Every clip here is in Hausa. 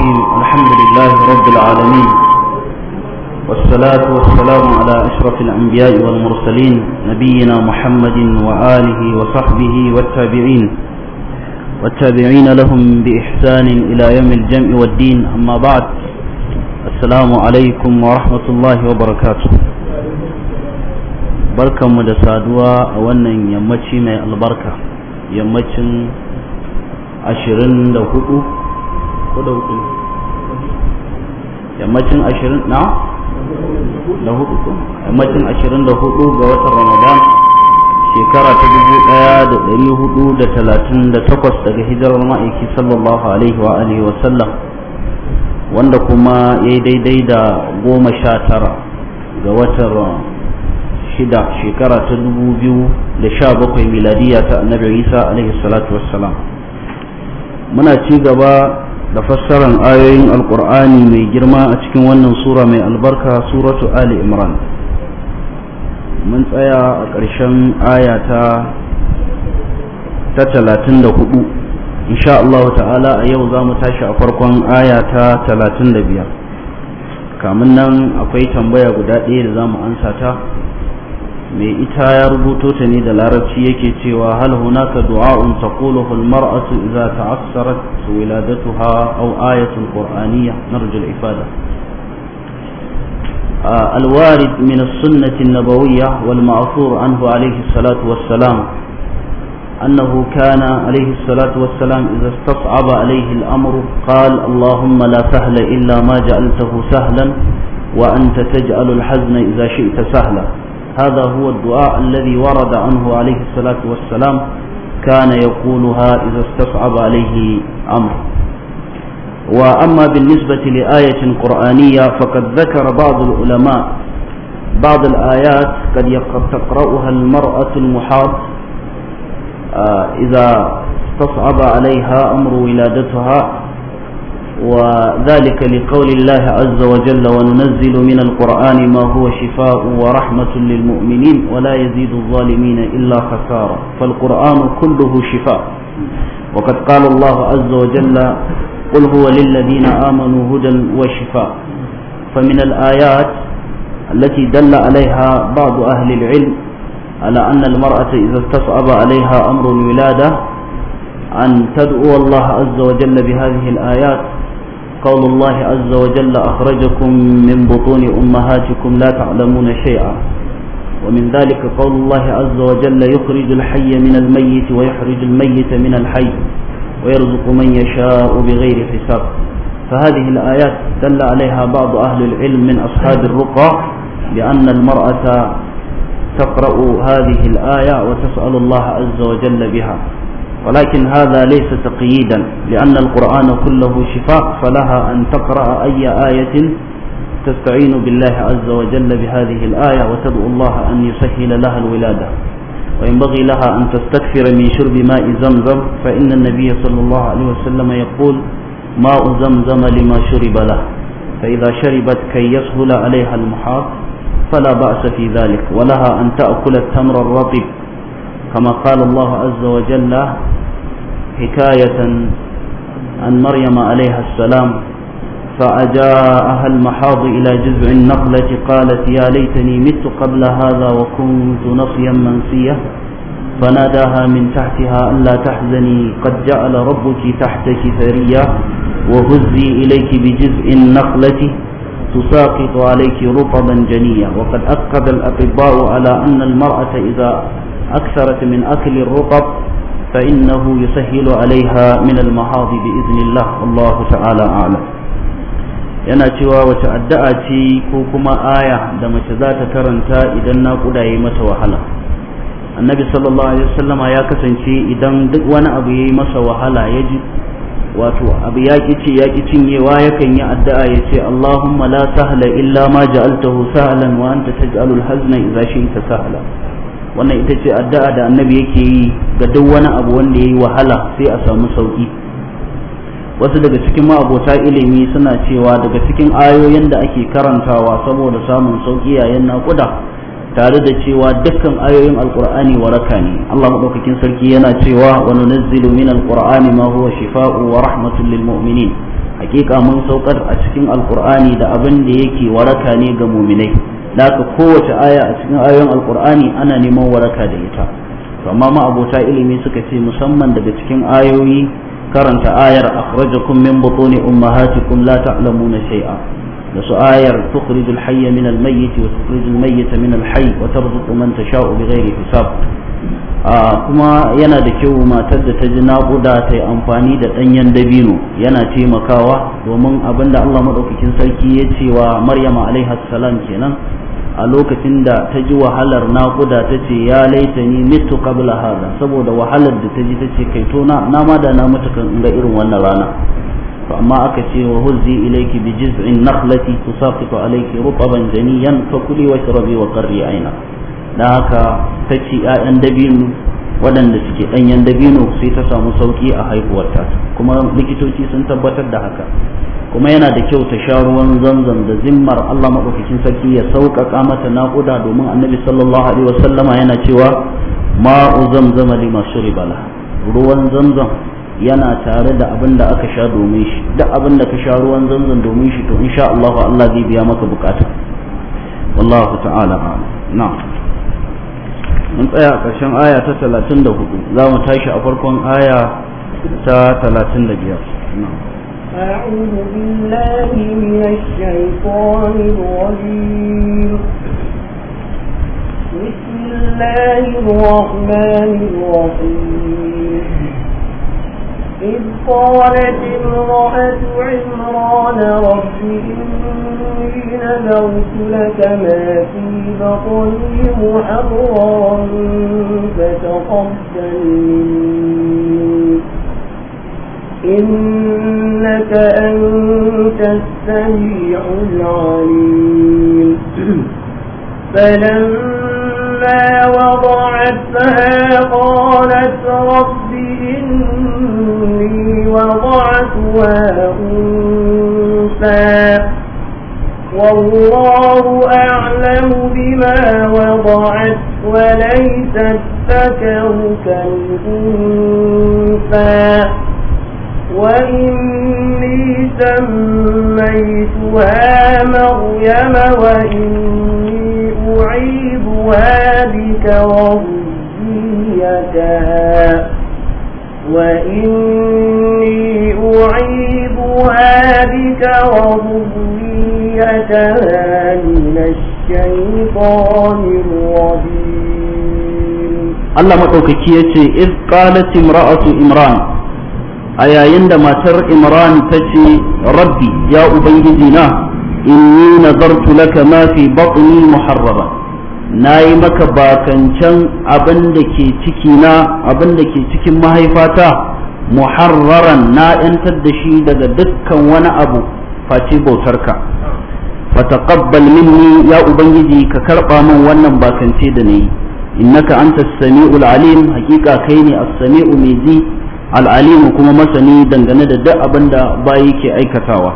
الرحيم الحمد لله رب العالمين والصلاة والسلام على أشرف الأنبياء والمرسلين نبينا محمد وآله وصحبه والتابعين والتابعين لهم بإحسان إلى يوم الجمع والدين أما بعد السلام عليكم ورحمة الله وبركاته بركة مدسادوا أولا يمتشي من البركة يمتشن ashirin da hudu ko da hudu yammacin ashirin na da hudu ko yammacin ashirin da hudu ga watan ramadan shekara ta dubu daya da dari hudu da talatin da takwas daga hijirar ma'aiki sallallahu alaihi wa alihi wa sallam wanda kuma ya yi daidai da goma sha tara ga watan shida shekara ta dubu biyu da sha bakwai miladiya ta annabi isa alaihi salatu wassalam muna ci gaba da fassarar ayoyin alkur'ani mai girma a cikin wannan sura mai albarka suratu ali imran mun tsaya a ƙarshen aya ta talatin da hudu insha Allah ta'ala a yau za mu tashi a farkon aya ta talatin da biyar kamun nan akwai tambaya guda ɗaya da za mu ansa ta مي ita ya rubuto ta ne da larabci yake cewa hal hunaka du'a'un taquluhu al-mar'atu idza ta'assarat wiladatuha aw الوارد من السنة النبوية والمعصور عنه عليه الصلاة والسلام أنه كان عليه الصلاة والسلام إذا استصعب عليه الأمر قال اللهم لا سهل إلا ما جعلته سهلا وأنت تجعل الحزن إذا شئت سهلا هذا هو الدعاء الذي ورد عنه عليه الصلاة والسلام كان يقولها إذا استصعب عليه أمر وأما بالنسبة لآية قرآنية فقد ذكر بعض العلماء بعض الآيات قد تقرأها المرأة المحاض آه، إذا استصعب عليها أمر ولادتها وذلك لقول الله عز وجل وننزل من القرآن ما هو شفاء ورحمة للمؤمنين ولا يزيد الظالمين إلا خسارة فالقرآن كله شفاء وقد قال الله عز وجل قل هو للذين آمنوا هدى وشفاء فمن الآيات التي دل عليها بعض أهل العلم على أن المرأة إذا استصعب عليها أمر الولادة أن تدعو الله عز وجل بهذه الآيات قول الله عز وجل أخرجكم من بطون أمهاتكم لا تعلمون شيئا ومن ذلك قول الله عز وجل يخرج الحي من الميت ويخرج الميت من الحي ويرزق من يشاء بغير حساب فهذه الآيات دل عليها بعض أهل العلم من أصحاب الرقى بأن المرأة تقرأ هذه الآية وتسأل الله عز وجل بها ولكن هذا ليس تقييدا لأن القرآن كله شفاء فلها أن تقرأ أي آية تستعين بالله عز وجل بهذه الآية وتدعو الله أن يسهل لها الولادة وينبغي لها أن تستكثر من شرب ماء زمزم فإن النبي صلى الله عليه وسلم يقول ماء زمزم لما شرب له فإذا شربت كي يسهل عليها المحاط فلا بأس في ذلك ولها أن تأكل التمر الرطب كما قال الله عز وجل حكاية عن مريم عليها السلام فأجاءها المحاض إلى جذع النقلة قالت يا ليتني مت قبل هذا وكنت نصيا منسيا فناداها من تحتها ألا تحزني قد جعل ربك تحتك ثريا وهزي إليك بجزء النقلة تساقط عليك رطبا جنيا وقد أكد الأطباء على أن المرأة إذا أكثرت من أكل الرطب فإنه يسهل عليها من المهاض بإذن الله الله تعالى أعلم yana cewa wace addu'a ce ko kuma aya da mace za ta karanta idan naƙuda ya mata wahala annabi sallallahu alaihi wasallama ya kasance idan duk wani abu yayi masa wahala ya ji wato abu ya ce ya ƙi cinyewa yakan yi addu'a ya ce Allahumma la sahla illa ma ja'altahu sahlan wa anta taj'alul hazna idza shi'ta sahla wannan ita ce addu'a da annabi yake yi ga duk wani abu wanda yayi wahala sai a samu sauki wasu daga cikin ma'abota ilimi suna cewa daga cikin ayoyin da ake karantawa saboda samun sauki yayin naƙuda tare da cewa dukkan ayoyin al'kur'ani waraka ne Allah madaukakin sarki yana cewa wa nunazzilu min alqur'ani ma huwa shifaa'u wa rahmatun lil mu'minin hakika mun saukar a cikin al'kur'ani da abin da yake waraka ne ga mu'minai da haka kowace aya a cikin ayoyin al'kur'ani ana neman waraka da ita amma ma abota ilimi suka ce musamman daga cikin ayoyi karanta ayar akhrajakum min butuni ummahatikum la ta'lamuna shay'a da su ayar tukhrijul hayya min al-mayyit wa tukhrijul mayyita min al-hayy wa tarzuqu man tasha'u bighairi hisab ah, kuma yana da kyau matar da ta ji naƙuda ta yi amfani da ɗanyen dabino yana taimakawa domin abinda Allah maɗaukakin sarki ya ce wa Maryama alaihi kenan a lokacin da ta ji wahalar naƙuda ta ce ya laita ni mitu qabla hada saboda wahalar da ta ji ta ce kaitona na ma da na mutu kan ga irin wannan rana amma aka فأما أكتي وهزي إليك بجذع النخلة تساقط عليك رطبا جنيا فكلي واشربي وقري Ina da aka ta ci 'ya'yan dabino waɗanda suke ɗanyen dabino sai ta samu sauƙi a haihuwarta kuma likitoci sun tabbatar da haka kuma yana da kyau ta sha ruwan zamzam da zimmar Allah maɗaukakin sarki ya sauƙaƙa mata naƙuda domin annabi sallallahu alaihi wasallama yana cewa ma'u zamzama lima shuribala ruwan zamzam yana tare da abin da aka sha domin shi duk abin da ka sha ruwan zanzan domin shi to insha Allah Allah zai biya maka bukata wallahu ta'ala na mun tsaya a ƙarshen aya ta 34 za mu tashi a farkon aya ta 35 أعوذ بالله من الشيطان الرجيم بسم الله الرحمن الرحيم قالت امرأة عمران رب إني نذرت لك ما في بطني محرم فتقبل مني إنك أنت السميع العليم فلما وضعتها قالت رب إني وضعتها أنثى والله أعلم بما وضعت وليس الذكر كالأنثى وإني سميتها مريم وإني أعيدها بك وذريتها وإني أعيبها بك وضيتها من الشيطان الرجيم الله ما توقيت يتي إذ قالت امرأة إمران أيا يندم تر إمران تتي ربي يا أبنجدنا إني نظرت لك ما في بطني محررا na yi maka bakancan abin da ke cikina abin da ke cikin mahaifata muharraran na ‘yantar da shi daga dukkan wani abu face bautarka fataqabbal minni ya ubangiji ka karɓa min wannan bakance da na yi innaka anta sami'ul alim hakika kai ne as-sami'u mai ji al-alim kuma masani dangane da duk abin da bayi ke aikatawa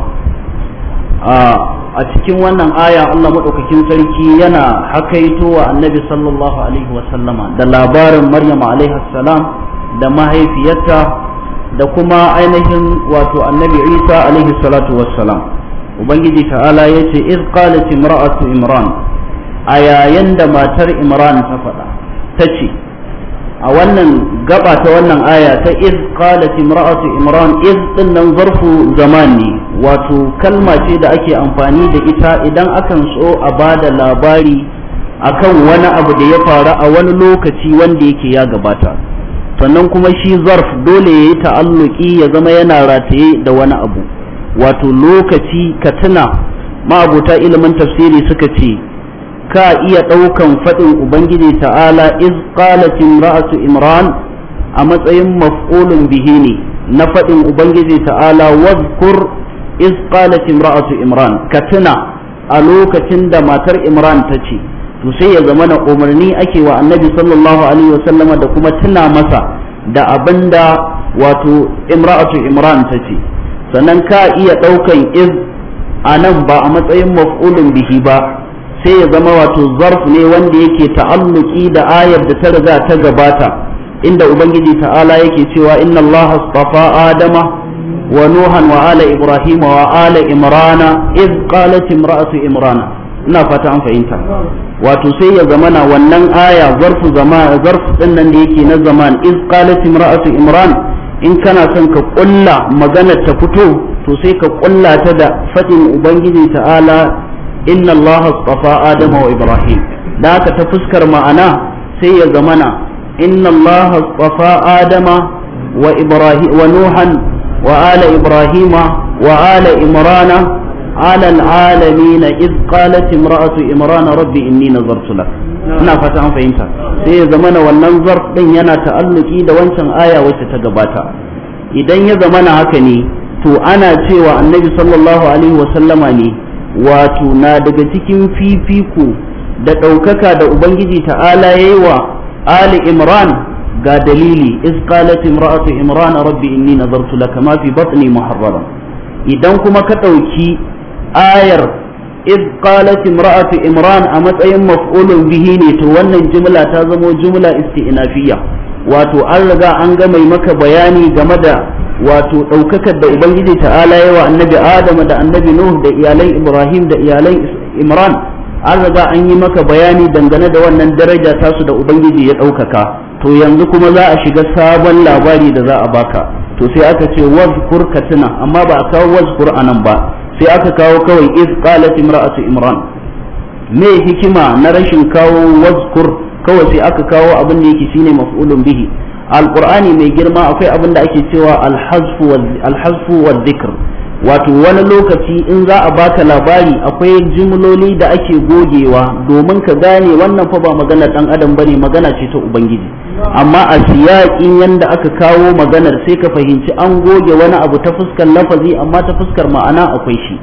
ah, a cikin wannan aya Allah maɗaukakin sarki yana hakaito wa annabi sallallahu alaihi wasallama da labarin maryam alaihi salam da mahaifiyarta da kuma ainihin wato annabi isa alaihi salatu ubangiji ta'ala ya ce iz qalat imra'atu imran a yayin da matar imran ta faɗa ta ce a wannan gaba ta wannan aya ta iz qalat imra'atu imran iz din nan zarfu zamani wato kalma ce da ake amfani da ita idan akan so a bada labari akan wani abu da ya faru a wani lokaci wanda yake ya gabata sannan kuma shi zarf dole ya yi ta'alluki ya zama yana rataye da wani abu wato lokaci ka tuna ma'abuta ilimin tafsiri suka ce ka iya ɗaukan faɗin ubangiji ta'ala iz qalat imra'atu imran a matsayin maf'ulun bihi ne na faɗin ubangiji ta'ala wadhkur iz qalat imra'atu imran ka tuna a lokacin da matar imran ta ce to sai ya zama na umarni ake wa annabi sallallahu alaihi da kuma tuna masa da abinda wato imra'atu imran ta ce sannan ka iya ɗaukan iz a nan ba a matsayin maf'ulun bihi ba sai ya zama wato zarf ne wanda yake ta'alluki da ayar da ta riga ta gabata inda ubangiji ta'ala yake cewa inna Allah astafa adama wa nuhan wa ala ibrahim wa ala imrana iz qalat imra'atu imrana ina fata an fahimta wato sai ya zama na wannan aya zarfu zama zarf din da yake na zaman iz qalat imra'atu imran in kana son ka kulla magana ta fito to sai ka kulla ta da fadin ubangiji ta'ala inna Allah astafa adama wa ibrahim da haka ta fuskar ma'ana sai ya zamana inna Allah astafa adama wa ibrahim wa nuhan wa ala ibrahima wa ala imrana على العالمين إذ قالت امرأة إمران ربي إني نظرت لك ina fata an fahimta sai ya zamana wannan zarf din yana ta'alluki da wancan aya wacce ta gabata idan ya zamana haka ne to ana cewa annabi sallallahu alaihi wa sallama ne wato na daga cikin fifiko da ɗaukaka da ubangiji ta'ala yayi wa ali imran ga dalili iz qalat imra'atu imran rabbi inni nazartu laka ma fi batni muharraran idan kuma ka ɗauki ayar iz imra'atu imran a matsayin maf'ulun bihi ne to wannan jumla ta zamo jumla isti'nafiyya wato an riga an ga mai maka bayani game da wato ɗaukakar da ubangiji ta'ala yawa annabi adama da annabi nuh da iyalan ibrahim da iyalan imran an riga an yi maka bayani dangane da wannan daraja tasu da ubangiji ya ɗaukaka to yanzu kuma za a shiga sabon labari da za a baka to sai aka ce wazkur ka amma ba a kawo wazkur a nan ba sai aka kawo kawai iz qalat imra'atu imran me hikima na rashin kawo wazkur kawai sai aka kawo abin da yake shine maf'ulun bihi alqur'ani mai girma akwai abin da ake cewa alhazfu wa dhikr wato wani lokaci in za a baka labari akwai jimloli da ake gogewa domin ka gane wannan fa ba magana dan adam bane magana ce ta ubangiji amma a siyaƙin yanda aka kawo maganar sai ka fahimci an goge wani abu ta fuskar lafazi amma ta fuskar ma'ana akwai shi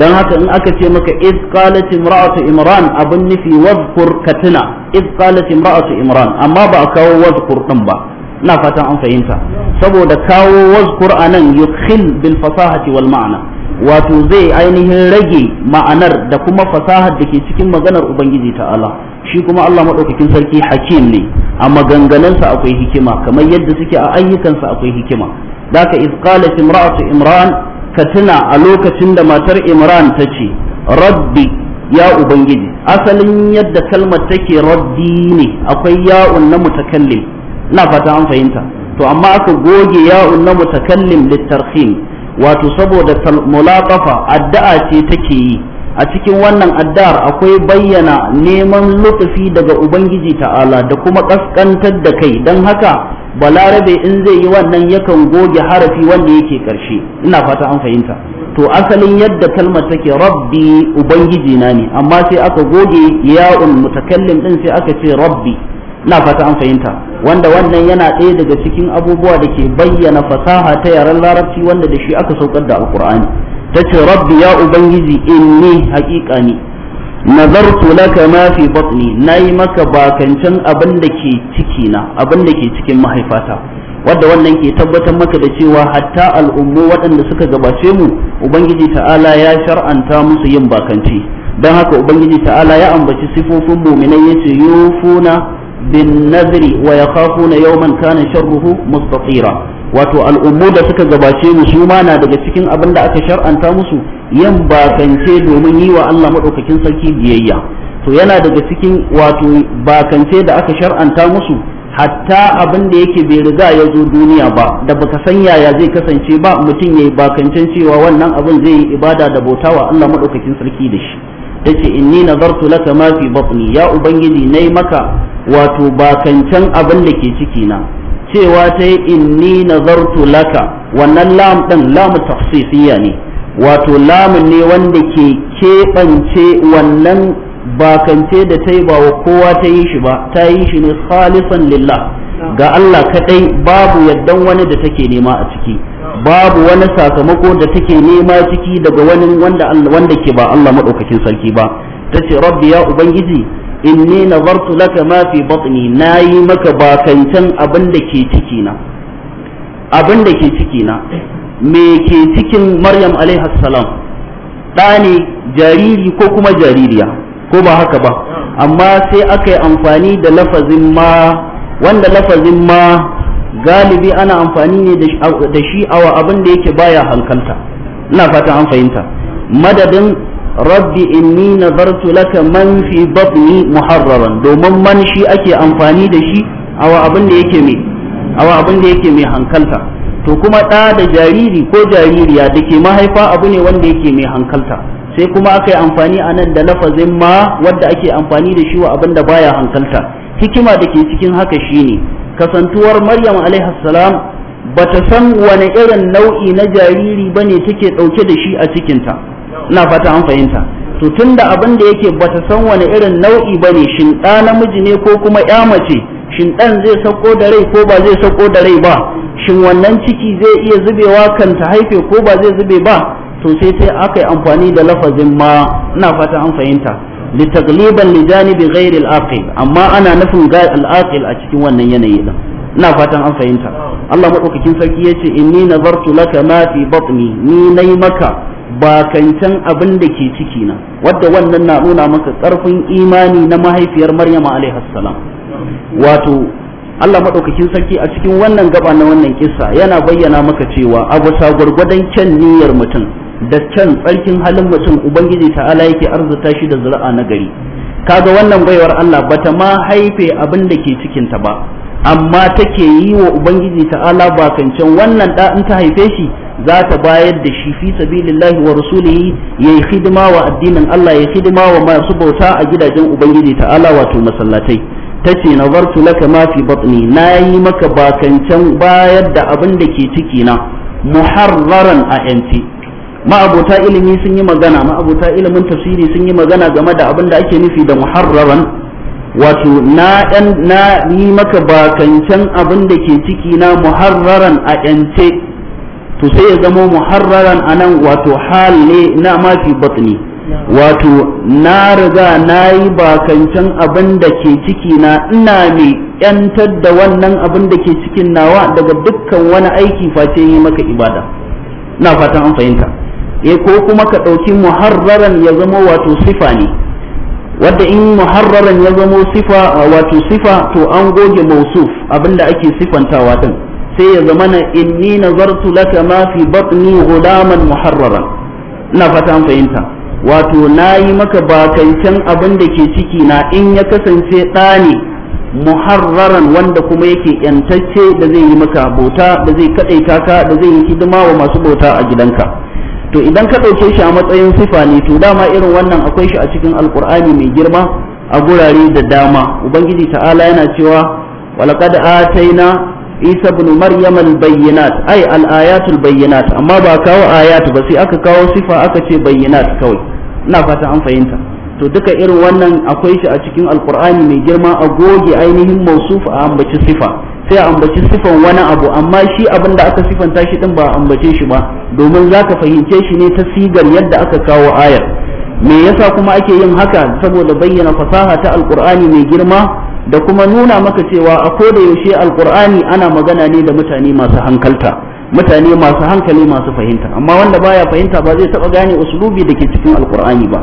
dan haka in aka ce maka iz qalat imran abun nufi wadhkur katina iz qalat imran amma ba a kawo wadhkur din ba ina fatan an fahimta saboda kawo wadhkur anan yukhil bil fasahati wal ma'ana wato zai ainihin rage ma'anar da kuma fasahar da ke cikin maganar ubangiji ta allah shi kuma Allah madaukakin sarki hakim ne a maganganunsa akwai hikima kamar yadda suke a ayyukansa akwai hikima daka iz qalat imra'atu imran ka tuna a lokacin da matar imran ta ce rabbi ya ubangiji asalin yadda kalmar take rabbi ne akwai ya'un na mutakallim ina fata an fahimta to amma aka goge ya'un na mutakallim litarhim wato saboda mulaqafa addu'a ce take yi a cikin wannan addu'ar akwai bayyana neman lutufi daga ubangiji ta'ala da kuma kaskantar da kai don haka balarabe in zai yi wannan yakan goge harafi wanda yake karshe ina fata an fahimta to asalin yadda kalmar take rabbi ubangiji na ne amma sai aka goge ya'un mutakallim din sai aka ce rabbi ina fata an fahimta wanda wannan yana ɗaya daga cikin abubuwa da ke bayyana fasaha ta yaren larabci wanda da shi aka saukar da alkur'ani ta ce rabbi ya ubangiji ni haƙiƙa ni nazartu laka ma fi batni nayi maka bakancan abin da ke ciki na abin da ke cikin mahaifata wadda wannan ke tabbatar maka da cewa hatta al'ummu waɗanda suka gabace mu ubangiji ta'ala ya shar'anta musu yin bakanci don haka ubangiji ta'ala ya ambaci sifofin muminai yace yufuna bin nadri wa yakhafuna yawman kana sharruhu mustatira wato al'ummu da suka gabace mu su ma na daga cikin abin da aka shar'anta musu yan bakance domin yi wa Allah maɗaukakin sarki biyayya to yana daga cikin wato bakance da aka shar'anta musu hatta abin da yake bai riga ya zo duniya ba da baka san yaya zai kasance ba mutum ya yi bakancen cewa wannan abin zai yi ibada da bauta wa Allah maɗaukakin sarki da shi tace inni nazartu laka ma fi batni ya ubangiji yi maka wato bakancen abin da ke ciki na cewa ta yi inni nazartu laka wannan lam ɗin lamu tafsisiyya ne wato lamun ne wanda ke keɓance wannan bakance da ta yi ba wa kowa ta yi shi ba ta yi shi ne khalisan lillah ga Allah kaɗai babu yaddan wani da take nema a ciki babu wani sakamako da take nema ciki daga wani wanda wanda ke ba Allah maɗaukakin sarki ba ta ce rabbi ya ubangiji inni nazartu laka ma fi batni nayi maka bakancan abin da ke ciki na abin da ke ciki na me ke cikin maryam alaiha salam ɗa ne jariri ko kuma jaririya ko ba haka ba amma sai aka yi amfani da lafazin ma wanda lafazin ma galibi ana amfani ne da shi awa abin da yake baya hankalta ina fatan an fahimta madadin rabbi inni nazartu laka man fi batni muharraran domin man shi ake amfani da shi awa abin da yake mai awa abin da yake mai hankalta to kuma ɗa da jariri ko jaririya da ke mahaifa abu ne wanda yake mai hankalta sai kuma aka yi amfani a nan da lafazin ma wadda ake amfani da shi wa abin da baya hankalta hikima da ke cikin haka shine kasantuwar maryam alaihi salam bata san wani irin nau'i na jariri bane take ɗauke da shi a cikinta ina fata an fahimta to tunda abin da yake bata san wani irin nau'i ba ne shin ɗa namiji ne ko kuma ya mace shin ɗan zai sako da rai ko ba zai sauko da rai ba shin wannan ciki zai iya zubewa kan ta haife ko ba zai zube ba to sai sai aka yi amfani da lafazin ma ina fata an fahimta tagliban li janibi ghairi al-aqil amma ana nufin ga al-aqil a cikin wannan yanayi din ina fatan an fahimta Allah madaukakin sarki yace inni nazartu laka ma fi batni ni nayi maka kancan abin da ke ciki na wadda wannan na nuna maka karfin imani na mahaifiyar maryama salam wato Allah maɗaukakin sarki a cikin wannan gaba na wannan kisa yana bayyana maka cewa abu sa gwargwadon kyan niyyar mutum da can tsarkin halin mutum ubangiji ta'ala yake arzuta shi da zuri'a na gari kaga wannan baiwar Allah bata ma haife abin da ke cikin ta ba amma take yi wa ubangiji ta'ala bakancan wannan da in ta haife shi za ta bayar da shi fi sabilillahi wa rasulihi yayi hidima wa addinin Allah ya hidima wa masu bauta a gidajen ubangiji ta'ala wato masallatai tace nazartu laka ma fi batni nayi maka bakancan bayar da abin da ke ciki na muharraran a yanci ma'abota ilimi sun yi magana ma'abota ilimin tafsiri sun yi magana game da abin da ake nufi da muharraran wato na na yi maka bakancan abin da ke ciki na muharraran a yance to sai ya zama muharraran anan wato hal ne na ma fi batni wato na riga na yi bakancan abin da ke ciki na ina mai yantar da wannan abin da ke cikin nawa daga dukkan wani aiki face yi maka ibada na fatan an fahimta e ko kuma ka ɗauki muharraran ya zama wato sifa ne wadda in muharraran ya zama sifa wato sifa to an goge mausuf abinda ake sifantawa din sai ya zama na inni na zartu laka ma fi batni gulaman muharraran ina fata fahimta wato na yi maka bakancen abin da ke ciki na in ya kasance ɗa muharraran wanda kuma yake yantacce da zai yi maka bota da zai kaɗai kaka da zai yi hidima wa masu bota a gidanka to idan ka ɗauke shi a matsayin sifa ne to dama irin wannan akwai shi a cikin alkur'ani mai girma a gurare da dama ubangiji ta'ala yana cewa walaqad ataina isa bin maryam al ai al ayatul bayyinat amma ba kawo ayat ba sai aka kawo sifa aka ce bayyinat kawai ina fata an fahimta to duka irin wannan akwai shi a cikin alqur'ani mai girma a goge ainihin mausuf a ambaci sifa sai a ambaci sifan wani abu amma shi abin da aka sifanta shi din ba a ambace shi ba domin zaka fahimce shi ne ta sigar yadda aka kawo ayar me yasa kuma ake yin haka saboda bayyana fasaha ta alqur'ani mai girma da kuma nuna maka cewa a koda yaushe al'kur'ani ana magana ne da mutane masu hankalta mutane masu hankali masu fahimta amma wanda baya fahimta ba zai taba gane uslubi da ke cikin al'kur'ani ba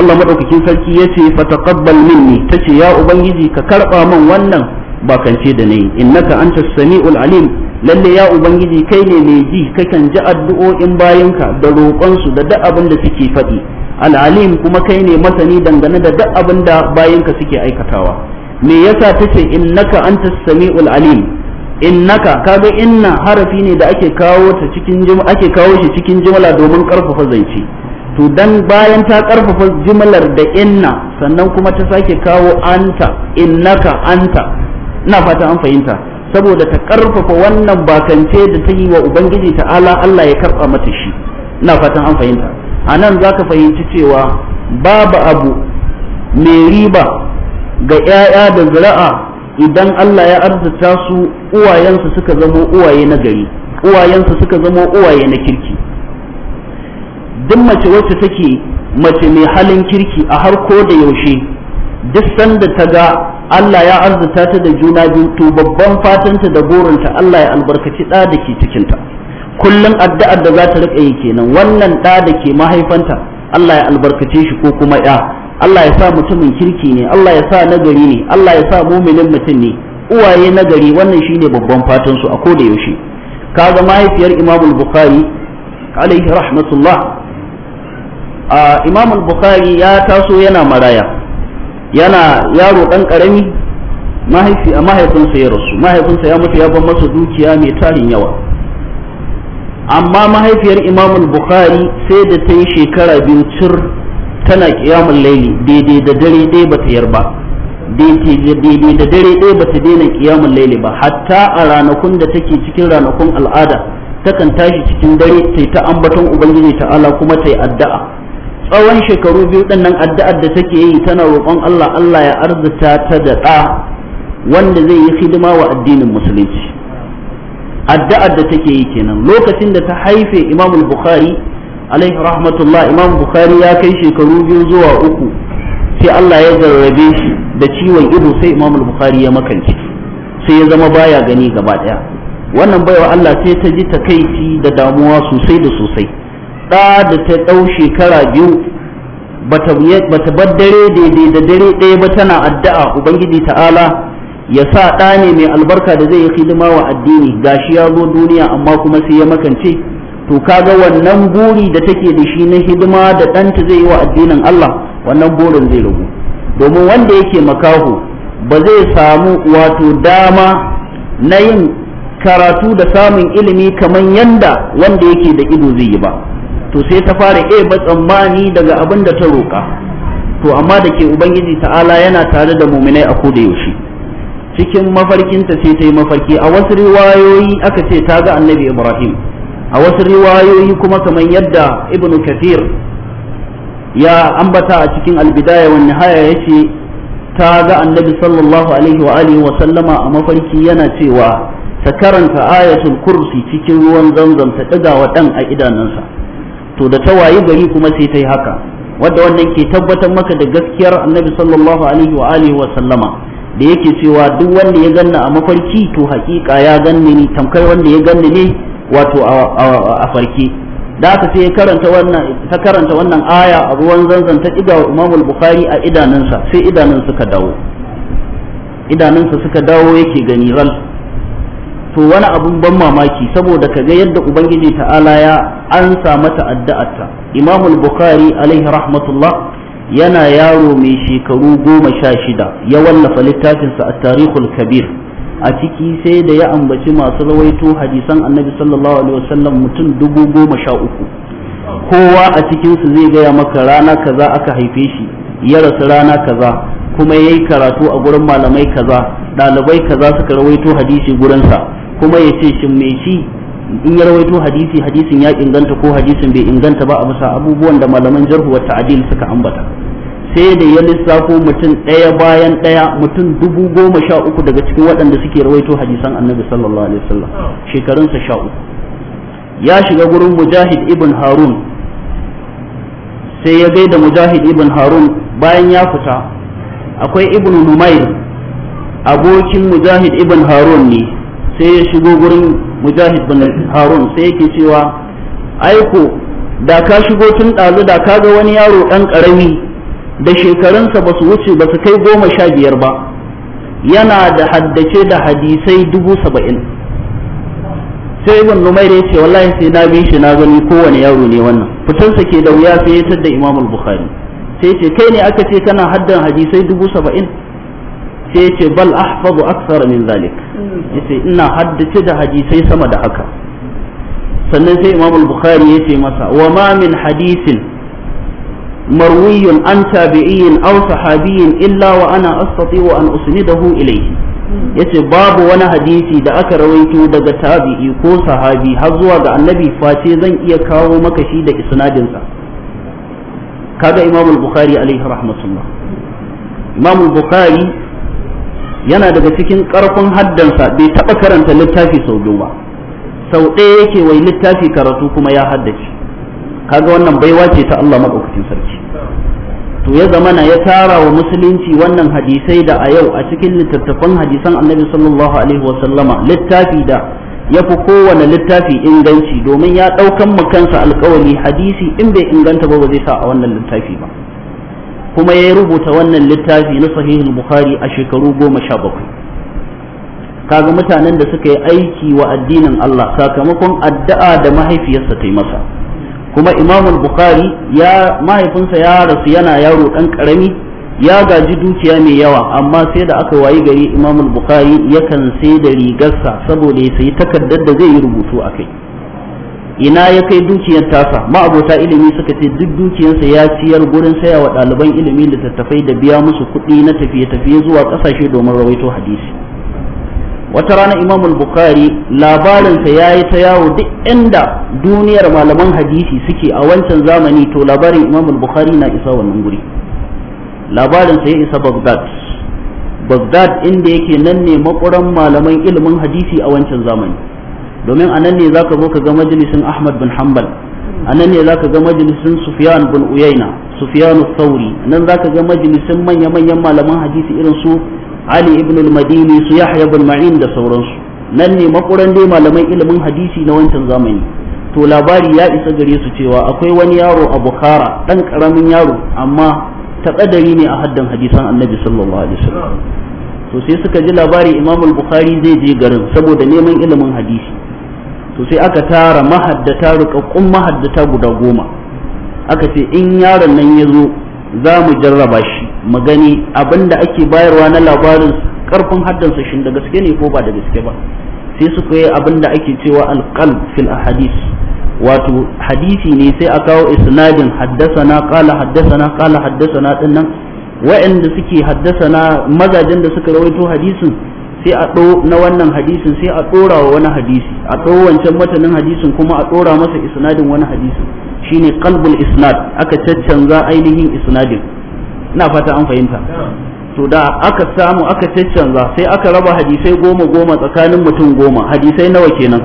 Allah madaukakin sarki ya yace fataqabbal minni tace ya ubangiji ka karba min wannan bakance da nayi innaka antas samiul alim lalle ya ubangiji kai ne mai ji kakan ji addu'o'in bayanka da roƙonsu da duk abin da suke faɗi al'alim kuma kai ne masani dangane da duk abin da bayanka suke aikatawa me yasa take innaka antas samiul alim innaka kaga inna harafi ne da ake kawo ta cikin jumla ake kawo shi cikin jumla domin karfafa zance to dan bayan ta karfafa jumlar da inna sannan kuma ta sake kawo anta innaka anta ina fata an fahimta saboda ta karfafa wannan bakance da ta yi wa ubangiji ta ala, Allah ya karba mata shi ina fatan an fahimta anan zaka fahimci cewa babu abu mai riba ga 'ya'ya da zira'a idan Allah ya arzuta su uwayensu suka zamo uwaye na gari uwayensu suka zama uwaye na kirki duk mace wacce take mace mai halin kirki a har ko da yaushe duk sanda ta ga Allah ya arzuta ta da juna biyu to babban fatanta da burinta Allah ya albarkaci ɗa da ke cikinta kullum addu'ar da za ta riƙa yi kenan wannan ɗa da ke mahaifanta Allah ya albarkace shi ko kuma ya Allah ya sa mutumin kirki ne Allah ya sa nagari ne Allah ya sa muminin mutum ne uwaye nagari wannan shine babban fatan su a koda yaushe kaga mahaifiyar Imam al-Bukhari alaihi rahmatullah a Imam bukhari ya taso yana maraya yana yaro dan karami mahaifi a mahaifinsa ya rasu mahaifinsa ya mutu ya bar masa dukiya mai tarin yawa amma mahaifiyar Imam al-Bukhari sai da ta yi shekara biyu cir tana kiyamun laili daidai da dare ɗaya ba ta yarba daidai da dare ɗaya ba ta daina kiyamun laili ba hatta a ranakun da take cikin ranakun al'ada takan tashi cikin dare ta ta ambaton ubangiji ta'ala kuma ta addu'a tsawon shekaru biyu ɗin nan addu'ar da take yi tana roƙon Allah Allah ya arzuta ta da ɗa wanda zai yi hidima wa addinin musulunci addu'ar da take yi kenan lokacin da ta haife imamul bukhari alaihi rahmatullah imam bukhari ya kai shekaru biyu zuwa uku sai Allah ya zarrabe shi da ciwon ido sai imam bukhari ya makance sai ya zama baya gani gabaɗaya wannan baiwa Allah sai ta ji takaici da damuwa sosai da sosai da da ta dau shekara biyu bata bar dare daidai da dare ɗaya ba tana addu'a ubangiji ta'ala ya sa ɗa ne mai albarka da zai yi hidima wa addini gashi ya zo duniya amma kuma sai ya makance to kaga wannan buri da take da shi na hidima da ɗanta zai yi wa addinin Allah wannan burin zai ragu domin wanda yake makaho ba zai samu wato dama na yin karatu da samun ilimi kamar yanda wanda yake da ido zai yi ba to sai ta fara e ba tsammani daga abin da ta roƙa to amma da ke ubangiji ta'ala yana tare da muminai a koda yaushe cikin mafarkinta sai ta yi mafarki a wasu riwayoyi aka ce ta ga annabi ibrahim a wasu riwayoyi kuma kamar yadda ibnu kathir ya ambata a cikin albidaya wa nihaya yace ta ga annabi sallallahu alaihi wa alihi wa sallama a mafarki yana cewa ta karanta ayatul kursi cikin ruwan zamzam ta ɗiga wa ɗan a idanunsa to da ta wayi gari kuma sai ta yi haka wadda wannan ke tabbatar maka da gaskiyar annabi sallallahu alaihi wa alihi wa sallama da yake cewa duk wanda ya ganna a mafarki to haƙiƙa ya ganni ni tamkar wanda ya ganni ne wato a farki da aka sai karanta wannan ta karanta wannan aya a ruwan zanzan ta ɗiga Imam bukhari a idanunsa sai idanun suka dawo idanunsa suka dawo yake gani ral to wani abun ban mamaki saboda kaga yadda ubangiji ta'ala ya ansa mata addu'arta Imam bukhari alaihi rahmatullah yana yaro mai shekaru goma sha shida ya wallafa littafinsa a tarihul kabir a ciki sai da ya ambaci masu rawaito hadisan annabi sallallahu alaihi wasallam mutum dubu goma sha uku kowa a cikinsu zai gaya maka rana kaza aka haife shi ya rasu rana kaza kuma ya yi karatu a gurin malamai kaza ɗalibai kaza suka rawaito hadisi gurinsa kuma ya ce shin mai shi in ya rawaito hadisi hadisin ya inganta ko hadisin bai inganta ba a bisa abubuwan da malaman jarhuwar wa ta'adil suka ambata sai da ya lissafo mutum ɗaya bayan ɗaya mutum dubu goma sha uku daga cikin waɗanda suke rawaito hadisan annabi sallallahu alaihi wasallam shekarunsa sha uku ya shiga gurin mujahid ibn harun sai ya gaida mujahid ibn harun bayan ya fita akwai ibn numair abokin mujahid ibn harun ne sai ya shigo gurin mujahid ibn harun sai yake cewa aiko da ka shigo tun ɗazu da ka ga wani yaro ɗan ƙarami da shekarunsa ba su wuce ba su kai goma sha biyar ba yana da haddace da hadisai dubu saba'in sai ibn numaira ya ce wallahi sai na bi shi na gani kowane yaro ne wannan fitarsa ke da wuya sai ya tada imam al-bukhari sai ce kai ne aka ce kana haddan hadisai dubu saba'in sai ce bal ahfazu aksara min zalik yace ina haddace da hadisai sama da haka sannan sai imam al-bukhari ya ce masa wa ma min hadisin مروي عن تابعي أو صحابي إلا وأنا أستطيع أن ilai إليه yace babu wani hadisi da aka rawaito daga tabi'i ko sahabi har zuwa ga annabi face zan iya kawo maka shi da isnadinsa kaga imam al-bukhari alaihi rahmatullah imam al-bukhari yana daga cikin karfin haddansa bai taba karanta littafi sau biyu ba sau ɗaya yake wai littafi karatu kuma ya haddace kaga wannan baiwa ce ta Allah madaukakin sarki to ya zamana ya tara wa musulunci wannan hadisai da a yau a cikin littattafan hadisan annabi sallallahu alaihi sallama littafi da ya fi kowane littafi inganci domin ya ɗaukan kansa alkawali hadisi in bai inganta ba ba zai sa a wannan littafi ba kuma ya rubuta wannan littafi na sahihul bukhari a shekaru goma sha bakwai kaga mutanen da suka yi aiki wa addinin allah sakamakon addu'a da mahaifiyarsa ta yi masa kuma imam bukhari ya mahaifinsa ya rasu yana yaro dan karami ya gaji dukiya mai yawa amma sai da aka wayi gari imam bukhari yakan sai da rigarsa saboda ya sayi takardar da zai yi rubutu a kai ina ya kai dukiyar tasa ma'abota ilimi suka ce duk dukiyarsa ya ciyar gurin saya wa ɗaliban ilimi littattafai da biya musu kuɗi na tafiye-tafiye zuwa ƙasashe domin rawaito hadisi wata rana imam bukhari labarinsa ya yi ta yawo duk inda duniyar malaman hadisi suke a wancan zamani to labarin imam bukhari na isa wannan guri labarinsa ya isa bagdad bagdad inda yake nan ne makuran malaman ilimin hadisi a wancan zamani domin a nan ne za ka zo ka ga majalisin ahmad bin hanbal a nan ne za ka ga majalisin sufyan bin uyaina sufyanu sauri nan za ka ga majalisin manya-manyan malaman hadisi irin su ali ibn al-madini su yahya ibn ma'in da sauransu nan ne makuran dai malaman ilimin hadisi na wancan zamani to labari ya isa gare su cewa akwai wani yaro a bukhara dan karamin yaro amma ta kadari ne a haddan hadisan annabi sallallahu alaihi wasallam to sai suka ji labari imam al-bukhari zai je garin saboda neman ilimin hadisi to sai aka tara mahaddata rukakkun mahaddata guda goma aka ce in yaron nan ya zo za mu jarraba shi magani abinda ake bayarwa na labarin karfin haddansa shin da gaske ne ko ba da gaske ba sai suka yi abinda ake cewa alqal fil ahadith wato hadisi ne sai a kawo isnadin haddasana qala haddasana qala haddasana din nan wa'anda suke haddasana mazajin da suka rawaito hadisin sai a ɗo na wannan hadisin sai a ɗora wa wani hadisi a ɗo wancan matanin hadisin kuma a ɗora masa isnadin wani hadisin shine qalbul isnad aka caccanza ainihin isnadin ina fata an fahimta to da aka samu aka caccanza sai aka raba hadisai goma goma tsakanin mutum goma hadisai nawa kenan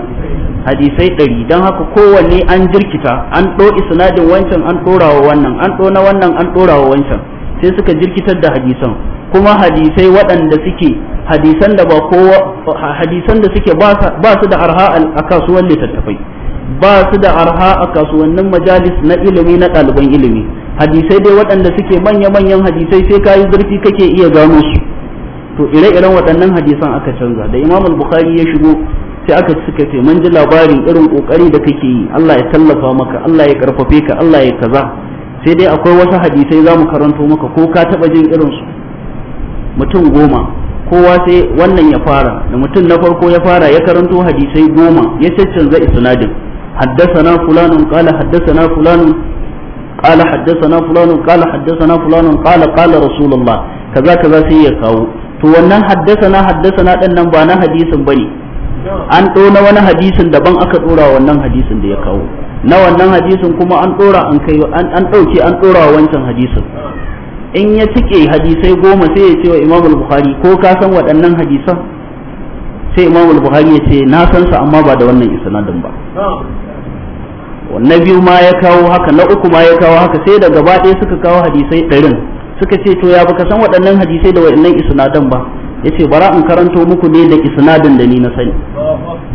hadisai ɗari don haka kowanne an jirkita an ɗo isnadin wancan an ɗorawa wannan an ɗo na wannan an ɗorawa wancan sai suka jirkitar da hadisan kuma hadisai waɗanda suke hadisan da ba kowa hadisan da suke ba su da arha a kasuwan littattafai ba su da arha a kasuwannin majalis na ilimi na ɗaliban ilimi hadisai dai waɗanda suke manya-manyan hadisai sai kayi zurfi kake iya gano su to ire-iren waɗannan hadisan aka canza da imam al-bukhari ya shigo sai aka suka ce man ji labarin irin kokari da kake yi Allah ya tallafa maka Allah ya karfafe ka Allah ya kaza sai dai akwai wasu hadisai za mu karanto maka ko ka taba jin irin su mutum goma kowa sai wannan ya fara da mutum na farko ya fara ya karanto hadisai goma ya canza isnadin haddasa na fulanun kala haddasa na fulanun قال حدثنا فلان قال حدثنا فلان قال قال رسول الله كذا كذا sai ya kawo to wannan haddasana haddasana din nan ba na hadisin bane an dona wani hadisin daban aka dora wannan hadisin da ya kawo na wannan hadisin kuma an dora an kai an dauke an dora wancan hadisin in ya tike hadisai goma sai ya ce wa Imam Bukhari ko ka san waɗannan hadisan sai Imam Bukhari ya ce na san su amma ba da wannan isnadin ba na biyu ma ya kawo haka na uku ma ya kawo haka sai da gaba ɗaya suka kawo hadisai ɗarin suka ce to ya baka san waɗannan hadisai da waɗannan isnadan ba ya ce bara in karanto muku ne da isnadin da ni na sani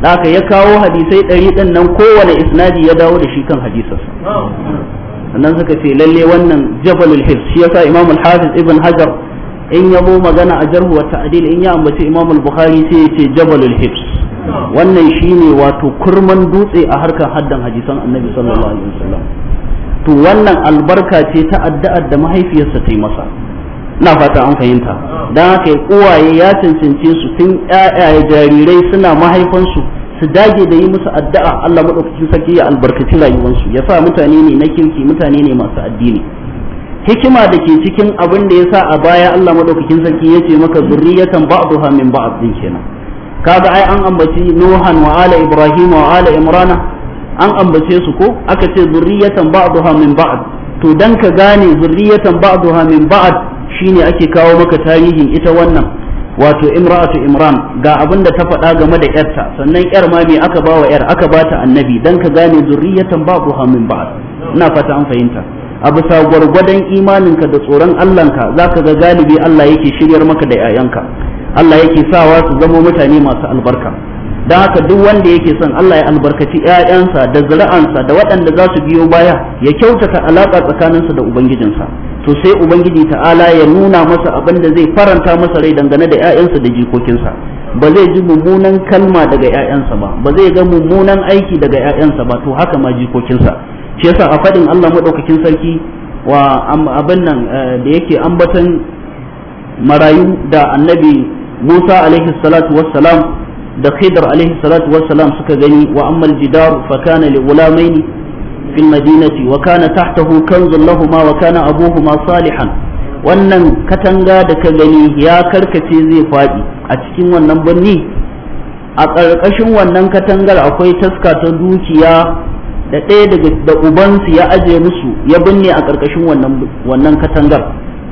da haka ya kawo hadisai ɗari ɗin nan kowane isnadi ya dawo da shi kan hadisarsa sannan suka ce lalle wannan jabalul hifz shi yasa imam al-hafiz ibn hajar in yabo magana a jarhu wa ta'dil in ya ambaci imam al-bukhari sai ya ce jabalul hifz wannan shi ne wato kurman dutse a harkar haddan hadisan annabi sallallahu alaihi wasallam to wannan albarka ce ta addu'ar da mahaifiyarsa ta yi masa na fata an fahimta don haka uwaye ya cancance su tun ƴaƴaye jarirai suna mahaifansu su dage da yi musu addu'a Allah madaukakin sarki ya albarkaci rayuwarsu ya sa mutane ne na kirki mutane ne masu addini hikima da ke cikin abin da ya sa a baya Allah madaukakin sarki ya ce maka zurriyatan ba'daha min ba'd din kenan kaga ai an ambaci nuhan wa ala ibrahim wa ala imrana an ambace su ko aka ce zurriyatan ba'daha min ba'd to dan ka gane zurriyatan ba'daha min ba'd shine ake kawo maka tarihin ita wannan wato imra'atu imran ga abin da ta faɗa game da yarta sannan yar ma me aka bawa yar aka bata annabi dan ka gane zurriyatan ba'daha min ba'd ina fata an fahimta a bisa gwargwadon imaninka da tsoron allahnka za ka ga galibi allah yake shiryar maka da 'ya'yanka Allah yake sawa su zama mutane masu albarka don haka duk wanda yake son Allah ya albarkaci ƴaƴansa da zuri'ansa da waɗanda za su biyo baya ya kyautata alaƙa tsakaninsa da ubangijinsa to sai ubangiji ta'ala ya nuna masa abin da zai faranta masa rai dangane da ƴaƴansa da jikokinsa ba zai ji mummunan kalma daga ƴaƴansa ba ba zai ga mummunan aiki daga ƴaƴansa ba to haka ma jikokinsa shi yasa a faɗin Allah madaukakin sarki wa abin nan eh, da yake ambaton marayu da annabi Musa alaihi salatu wassalam da Khidr alaihi salatu wassalam suka gani wa ammal jidar fa kana li gulamaini fil madinati wa kana tahtahu kanzun lahumu wa kana abuhuma salihan wannan katanga da ka gani ya karkace zai faɗi a cikin wannan birni a ƙarƙashin wannan katangar akwai taska ta dukiya da ɗaya daga da ubansu ya aje musu ya binne a ƙarƙashin wannan katangar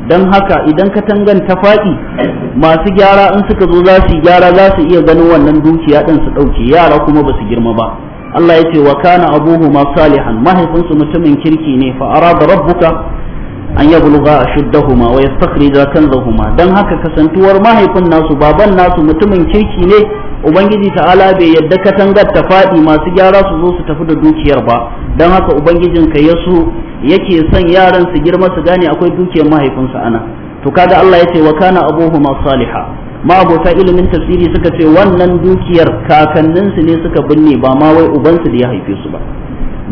don haka idan katangan ta faɗi masu gyara in suka zo za su gyara za su iya ganin wannan dukiya ɗin su ɗauke yara kuma ba su girma ba Allah ya ce wa kana abuhuma salihan mahaifinsu mutumin kirki ne fa arada rabbuka an yabluga ashuddahuma wa yastakhrija kanzahuma dan haka kasantuwar mahaifin nasu baban nasu mutumin kirki ne ubangiji ta'ala bai yadda katangar ta faɗi masu gyara su zo su tafi da dukiyar ba dan haka ubangijin ka yasu yake son yaran su girma su gane akwai dukiyar mahaifinsu ana to kaga Allah yace wa kana abuhuma salihah ma abota ilimin tafsiri suka ce wannan dukiyar kakanninsu ne suka binne ba ma wai ubansu da ya haife su ba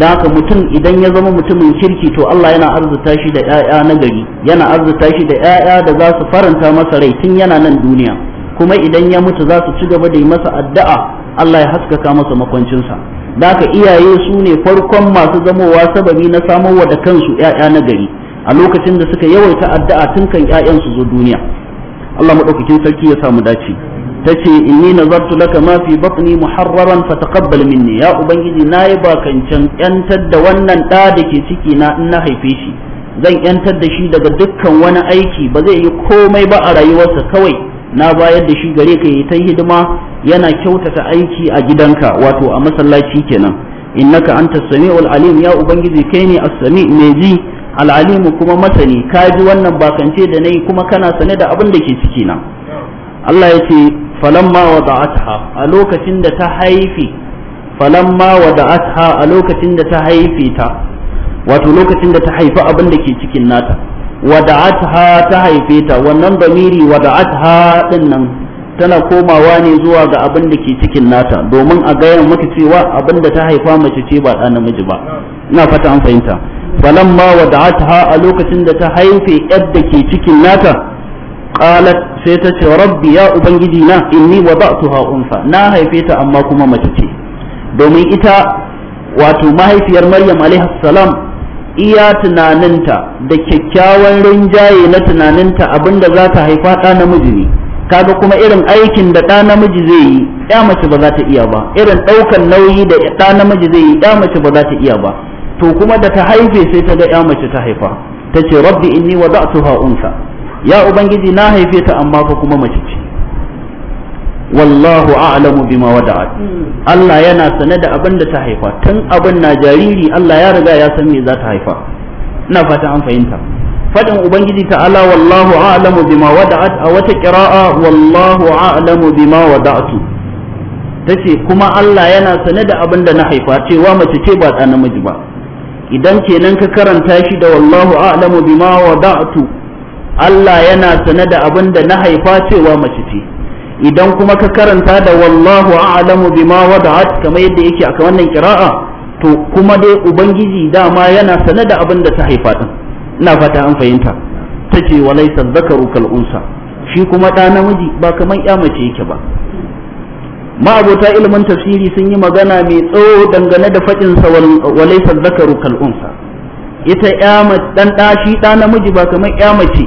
da haka mutum idan ya zama mutumin kirki to Allah yana arzuta shi da ƴaƴa na gari yana arzuta shi da ƴaƴa da za su faranta masa rai tun yana nan duniya kuma idan ya mutu za su ci gaba da yi masa addu'a Allah ya haskaka masa makwancinsa da haka iyaye su ne farkon masu zamowa sababi na samarwa da kansu ƴaƴa na gari a lokacin da suka yawaita addu'a tun kan ƴaƴansu zo duniya Allah maɗaukakin sarki ya samu dace tace inni nazartu laka ma fi batni muharraran fataqabbal minni ya ubangiji nayi bakancan yantar da wannan ɗa da ke ciki na in na haife shi zan yantar da shi daga dukkan wani aiki ba zai yi komai ba a rayuwarsa kawai na bayar da shi gare ka yi ta hidima yana kyautata aiki a gidanka wato a masallaci kenan innaka anta sami'ul alim ya ubangiji kai ne as-sami' mai ji al kuma masani ka ji wannan bakance da nayi kuma kana sane da abun da ke ciki na Allah ya ce falamma wada'atha a lokacin da ta haifi falamma wada'atha a lokacin da ta haife ta wato lokacin da ta haifi abin da ke cikin nata wada'atha ta haife ta wannan damiri wada'atha din nan tana komawa ne zuwa ga abin da ke cikin nata domin a gaya maka cewa abin da ta haifa mace ce ba ɗa namiji ba ina fata an fahimta falamma wada'atha a lokacin da ta haife yadda ke cikin nata قالت sai ta ce rabbi ya ubangiji na inni wada'tuha unsa na haife ta amma kuma mace ce domin ita wato mahaifiyar maryam alaihi salam iya tunaninta da kyakkyawan rinjaye na tunaninta abinda za haifa ɗa kaga kuma irin aikin da ɗa namiji zai yi ya mace ba za ta iya ba irin ɗaukan nauyi da ɗa namiji zai yi ya mace ba za ta iya ba to kuma da ta haife sai ta ga ya mace ta haifa ta ce rabbi inni wada'tuha unsa ya ubangiji na haife ta amma fa kuma mace ce wallahu a'lamu bima wada'at Allah yana sane da abin da ta haifa tun abin na jariri Allah ya riga ya san me za ta haifa ina fata an fahimta fadin ubangiji ta'ala wallahu a'lamu bima wada'at a wata qira'a wallahu a'lamu bima wada'tu tace kuma Allah yana sane da abin da na haifa cewa mace ce ba ta namiji ba idan kenan ka karanta shi da wallahu a'lamu bima wada'tu Allah yana sane da abin da na haifa cewa mace ce idan kuma ka karanta da wallahu a'lamu bima wada'at kamar yadda yake a wannan kira'a to kuma dai ubangiji dama yana sane da abin da ta haifa din ina fata an fahimta tace walaysa dhakaru kal unsa shi kuma da namiji ba kamar ya mace yake ba ma'abota ilimin tafsiri sun yi magana mai tsawo dangane da faɗin sa walaysa dhakaru kal unsa ita ya dan da shi da namiji ba kamar ya mace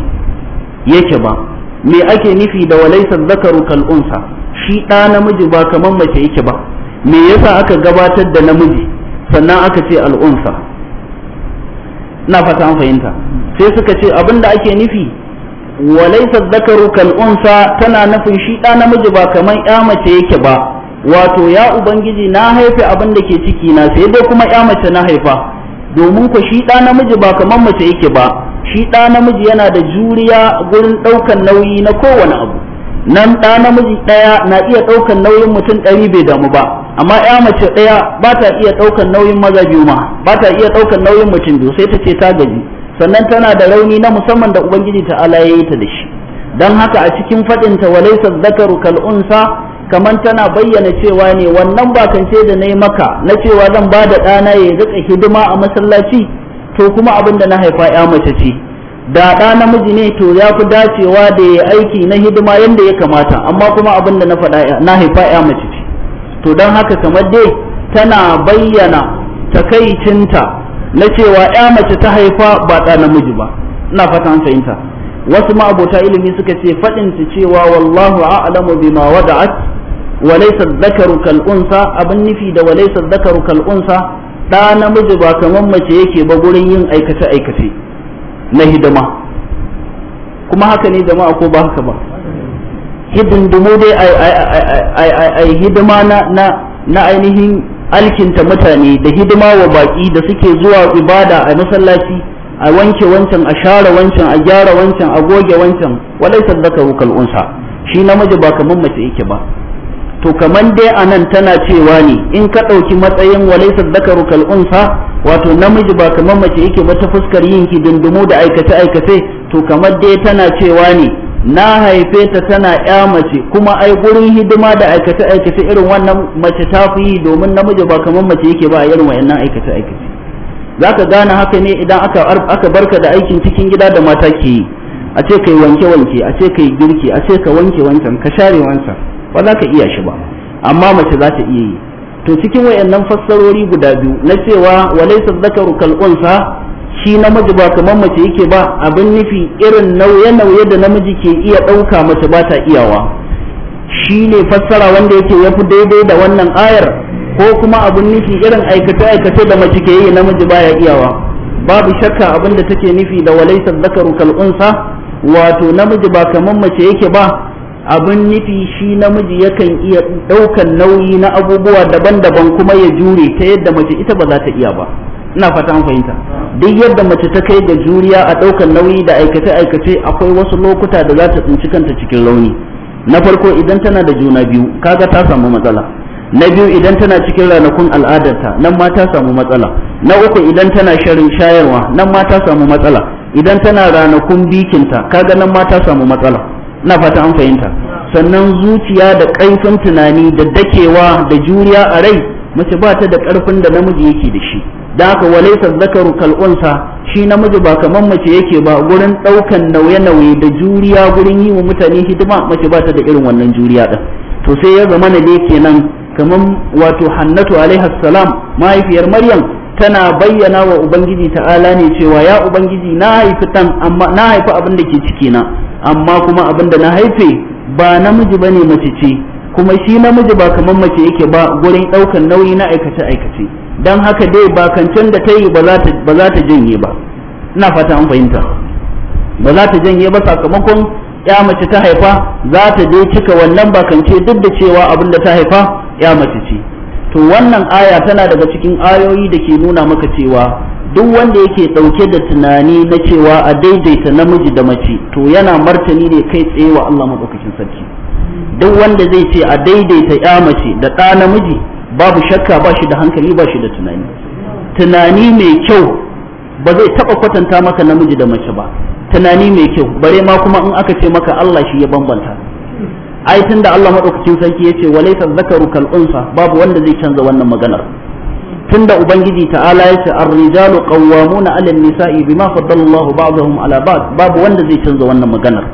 yake ba me ake nufi da walaisa zakaru kal unsa shi ɗa namiji ba kaman mace yake ba me yasa aka gabatar da namiji sannan aka ce al unsa na fata an fahimta sai suka ce abinda ake nufi walaisa zakaru kal unsa tana nufin shi ɗa namiji ba kaman ya mace yake ba wato ya ubangiji na haife abin da ke ciki na sai dai kuma ya mace na haifa domin ku shi ɗa namiji ba kaman mace yake ba shi ɗa namiji yana da juriya gurin ɗaukan nauyi na kowane abu nan ɗa namiji ɗaya na iya ɗaukan nauyin mutum ɗari bai damu ba amma ya mace ɗaya ba ta iya ɗaukan nauyin maza biyu ma ba ta iya ɗaukan nauyin mutum biyu sai ta ce ta gaji sannan tana da rauni na musamman da ubangiji ta'ala ya yi ta da shi don haka a cikin faɗinta walaisa zakaru kal'unsa kamar tana bayyana cewa ne wannan bakance da na yi maka na cewa zan ba da ɗana ya riƙa hidima a masallaci to kuma abin da na haifa ya mace ce da ɗa namiji ne to ya fi dacewa da ya aiki na hidima yadda ya kamata amma kuma abin da na haifa ya mace ce to don haka kamar dai tana bayyana takaicinta na cewa ya mace ta haifa ba ɗa namiji ba ina fata an fahimta wasu ma'abota ilimi suka ce faɗinta cewa wallahu a'lamu bima wada'at walaysa dhakaru kal unsa abin nufi da walaysa dhakaru kal unsa ɗa namiji ba kamar mace yake ba gurin yin aikace aikace na hidima kuma haka ne jama'a ko ba haka ba dumu dai a hidima na ainihin alkinta mutane da hidima wa baƙi da suke zuwa ibada a masallaci a wanke wancan a share wancan a gyara wancan a goge wancan walai saddaka kal'unsa, shi namiji ba kamar mace yake ba to kaman dai anan tana cewa ne in ka ɗauki matsayin walaisa zakaru kal unsa wato namiji ba kamar mace yake ba ta fuskar yin hidindimu da aikace aikace to kamar dai tana cewa ne na haife ta tana ya mace kuma ai gurin hidima da aikace aikace irin wannan mace ta fi yi domin namiji ba kamar mace yake ba a irin wayannan aikace aikace zaka gane haka ne idan aka aka barka da aikin cikin gida da mata ke yi a ce kai wanke wanke a ce kai girki a ce ka wanke wancan ka share wancan ba za ka iya shi ba amma mace za ta iya yi to cikin wayannan fassarori guda biyu na cewa walaisa zakaru kal'unsa shi namiji ba kamar mace yake ba abin nufi irin nauye-nauye da namiji ke iya ɗauka mace ba ta iyawa shi ne fassara wanda yake ya fi daidai da wannan ayar ko kuma abin nufi irin aikace-aikace da mace ke yi namiji ba ya iyawa babu shakka abin da take nufi da walaisa zakaru kal'unsa wato namiji ba kamar mace yake ba abin nufi shi namiji yakan iya ɗaukan nauyi na abubuwa daban-daban kuma ya jure ta yadda mace ita ba za ta iya ba ina fata an fahimta duk yadda mace ta kai da juriya a ɗaukan nauyi da aikace-aikace akwai wasu lokuta da za ta tsinci kanta cikin rauni na farko idan tana da juna biyu kaga ta samu matsala na biyu idan tana cikin ranakun al'adarta nan ma ta samu matsala na uku idan tana shirin shayarwa nan ma ta samu matsala idan tana ranakun bikinta kaga nan ma ta samu matsala na fata an fahimta sannan zuciya da kaifin tunani da dakewa da juriya a rai mace ba ta da karfin da namiji yake da shi da haka walaisa zakaru kal'unsa shi namiji ba kamar mace yake ba gurin ɗaukan nauye-nauye da juriya gurin yi wa mutane hidima mace ba ta da irin wannan juriya ɗin to sai ya zama na kenan kamar wato hannatu alaihi mahaifiyar maryam tana bayyana wa ubangiji ta'ala ne cewa ya ubangiji na haifi dan amma na haifi abin da ke ciki na amma kuma abin da na haife ba namiji bane ne mace ce kuma shi namiji ba kamar mace yake ba gurin ɗaukan nauyi na aikace aikace don haka dai ba kancan da ta yi ba za ta janye ba ina fata an fahimta ba za ta janye ba sakamakon ya mace ta haifa za ta je cika wannan bakance duk da cewa abin da ta haifa ya mace ce to wannan aya tana daga cikin ayoyi da ke nuna maka cewa duk wanda yake ɗauke da tunani na cewa a daidaita namiji da mace to yana martani ne kai tsaye wa Allah madaukakin sarki duk wanda zai ce a daidaita ya mace da ɗa namiji babu shakka ba shi da hankali ba shi da tunani tunani mai kyau ba zai taɓa kwatanta maka namiji da mace ba tunani mai kyau bare ma kuma in aka ce maka Allah shi ya bambanta ai tunda Allah madaukakin sarki ya ce walaisa zakaru kal unsa babu wanda zai canza wannan maganar tunda ubangiji ta'ala ya ce ar-rijalu qawwamuna 'ala an-nisa'i bima faddala Allahu ba'dahum 'ala ba'd babu wanda zai canza wannan maganar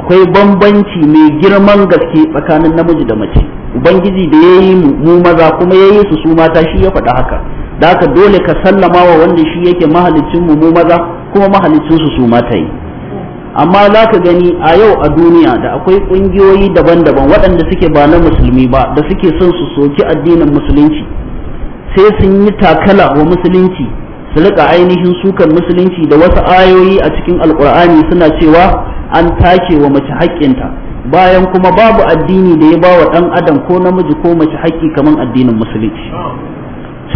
akwai bambanci mai girman gaske tsakanin namiji da mace ubangiji da yayi mu maza kuma yayi su su mata shi ya faɗa haka da haka dole ka sallama wa wanda shi yake mahalicin mu mu maza kuma mahalicin su su mata yi amma za ka gani a yau a duniya da akwai ƙungiyoyi daban-daban waɗanda suke ba na musulmi ba da suke son su soki addinin musulunci sai sun yi takala wa musulunci su rika ainihin sukan musulunci da wasu ayoyi a cikin alkur'ani suna cewa an take wa mace haƙƙinta bayan kuma babu addini da ya ba wa ɗan adam ko namiji ko mace haƙƙi kamar addinin musulunci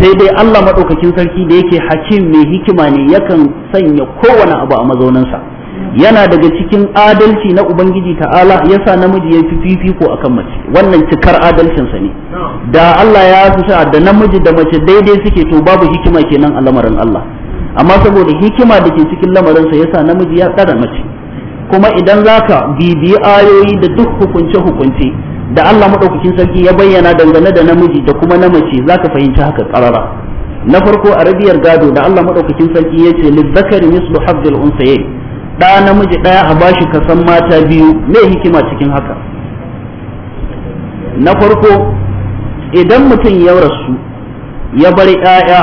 sai dai Allah maɗaukakin sarki da yake hakim mai hikima ne yakan sanya kowane abu a mazauninsa. yana daga cikin adalci na ubangiji ta'ala yasa namiji ya fi fifiko akan mace wannan cikar adalcinsa ne da Allah ya fi da namiji da mace daidai suke to babu hikima kenan a lamarin Allah amma saboda hikima da ke cikin lamarinsa yasa namiji ya tsara mace kuma idan zaka bibiyi ayoyi da duk hukunce hukunce da Allah madaukakin sarki ya bayyana dangane da namiji da kuma na mace zaka fahimci haka karara na farko a rabiyar gado da Allah madaukakin sarki ya ce lizzakari mislu hazzil unsayayn ɗa namiji ɗaya a bashi kasan mata biyu me hikima cikin haka na farko idan mutum ya rasu ya bar ‘ya'ya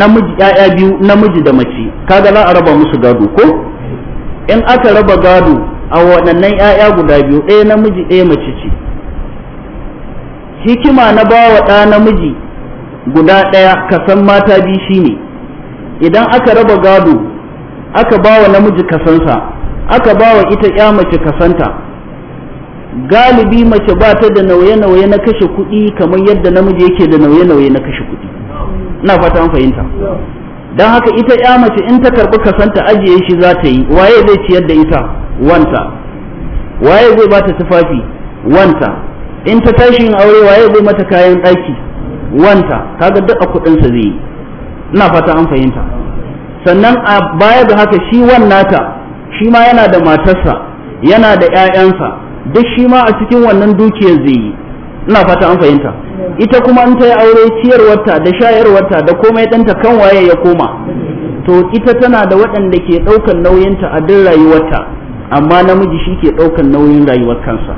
namiji ‘ya'ya biyu namiji da mace kaga za a raba musu gado ko in aka raba gado a waɗannan ‘ya'ya guda biyu ɗaya namiji ɗaya mace ce hikima na bawa ɗa namiji guda ɗaya kasan mata biyu shine idan aka raba gado aka ba wa namiji kasansa aka ba wa ita ya mace kasanta galibi mace ba ta da nauye-nauye na kashe kuɗi kamar yadda namiji yake da nauye-nauye na kashe kuɗi ina fata an fahimta don haka ita ya mace in ta karɓi kasanta ajiye shi za ta yi waye zai ciyar da ita wanta waye zai ba ta tufafi wanta in ta tashi yin aure waye zai mata kayan ɗaki wanta kaga duk a kuɗinsa zai yi ina fata an fahimta sannan a baya da haka shi wannata shi ma yana da matarsa yana da ƴaƴansa duk shi ma a cikin wannan dukiyar zai yi ina fata an fahimta ita kuma in ta yi aure ciyarwarta da shayarwarta da komai ɗanta kan waye ya koma to ita tana da waɗanda ke ɗaukan nauyinta a duk rayuwarta amma namiji shi ke ɗaukan nauyin rayuwar kansa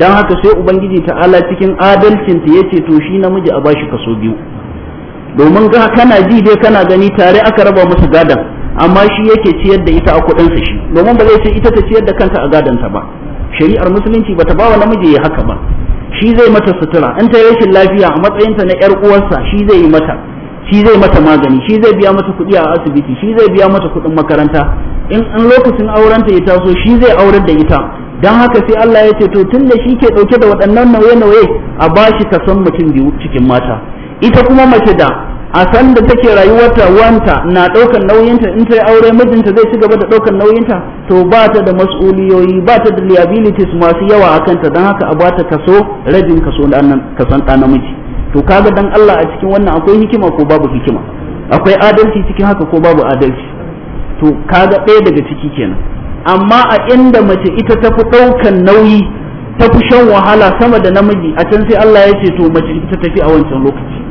don haka sai ubangiji ta'ala cikin adalcinta ya ce to shi namiji a bashi kaso biyu domin ga kana ji dai kana gani tare aka raba musu gadan amma shi yake ciyar da ita a kuɗinsa shi domin ba zai ce ita ta ciyar da kanta a ta ba shari'ar musulunci bata ba wa namiji ya haka ba shi zai mata sutura in ta rashin lafiya a ta na yar uwarsa shi zai yi mata shi zai mata magani shi zai biya mata kuɗi a asibiti shi zai biya mata kuɗin makaranta in lokacin aurenta ya taso shi zai aurar da ita dan haka sai Allah ya ce to tunda shi ke ɗauke da waɗannan nauye-nauye a bashi kason mutum biyu cikin mata ita kuma mace da a san da take rayuwarta wanta na ɗaukar nauyinta in ta aure mijinta zai ci gaba da ɗaukar nauyinta to ba ta da mas'uliyoyi ba ta da liabilities masu yawa a kanta don haka a bata kaso rabin kaso kasan ɗa namiji to kaga dan Allah a cikin wannan akwai hikima ko babu hikima akwai adalci cikin haka ko babu adalci to kaga ɗaya daga ciki kenan amma a inda mace ita ta fi ɗaukan nauyi ta fi shan wahala sama da namiji a can sai Allah ya ce to mace ita tafi a wancan lokaci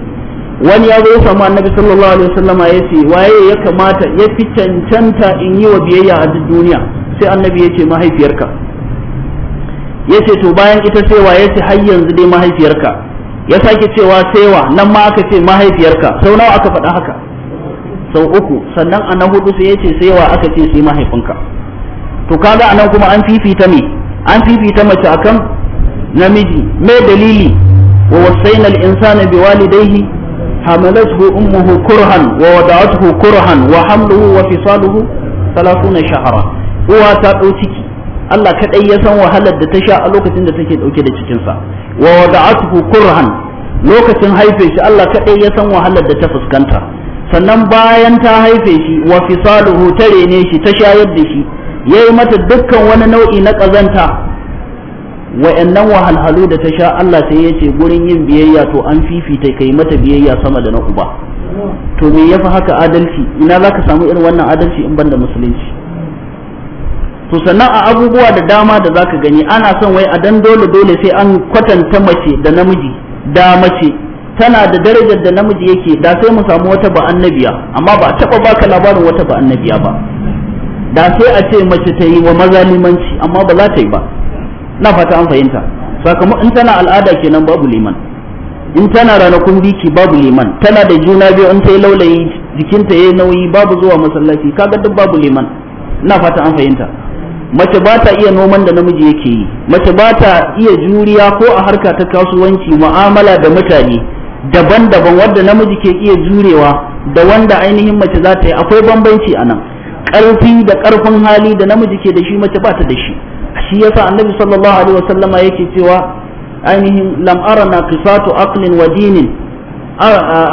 wani ya zo ya samu annabi sallallahu alaihi wasallam ya ce waye ya kamata ya fi cancanta in yi wa biyayya a duk duniya sai annabi ya ce mahaifiyarka ya ce to bayan ita sai waye ya ce har yanzu dai mahaifiyarka ya sake cewa sai nan ma aka ce mahaifiyarka sau nawa aka faɗa haka sau uku sannan a na hudu sai ya ce sai aka ce sai mahaifinka to kaga anan kuma an fifita me an fifita mace akan namiji mai dalili wa wasaina al-insana biwalidayhi حملته أمه كرها ووضعته كرها وحمله وفصاله ثلاثون شهرا وتأتيك Allah kaɗai ya san wahalar da ta sha a lokacin da take ɗauke da cikinsa wa wada'atuhu kurhan lokacin haife shi Allah kaɗai ya san wahalar da ta fuskanta sannan bayan ta haife shi wa fisaluhu ta ne shi ta shayar da shi yayi mata dukkan wani nau'i na ƙazanta wa'annan wahalhalu da ta sha Allah sai ya ce gurin yin biyayya to an fifita kai mata biyayya sama da na uba to me yafi haka adalci ina za ka samu irin wannan adalci in banda musulunci to sannan a abubuwa da dama da za ka gani ana son wai a dan dole dole sai an kwatanta mace da namiji da mace tana da darajar da namiji yake da sai mu samu wata ba annabiya amma ba a taba baka labarin wata ba annabiya ba da sai a ce mace ta yi wa mazalimanci amma ba za ta yi ba na fata an fahimta sakamakon in tana al'ada kenan babu liman in tana ranakun biki babu liman tana da juna biyu in ta yi laulayi jikinta ya nauyi babu zuwa masallaci kaga duk babu liman na fata an fahimta mace ba ta iya noman da namiji yake yi mace ba ta iya juriya ko a harka ta kasuwanci mu'amala da mutane daban-daban wanda namiji ke iya jurewa da wanda ainihin mace za ta yi akwai bambanci a nan ƙarfi da ƙarfin hali da namiji ke da shi mace ba ta da shi shi yasa annabi sallallahu alaihi wasallama yake cewa ainihin lam'ara na kifatu aqlin wa dinin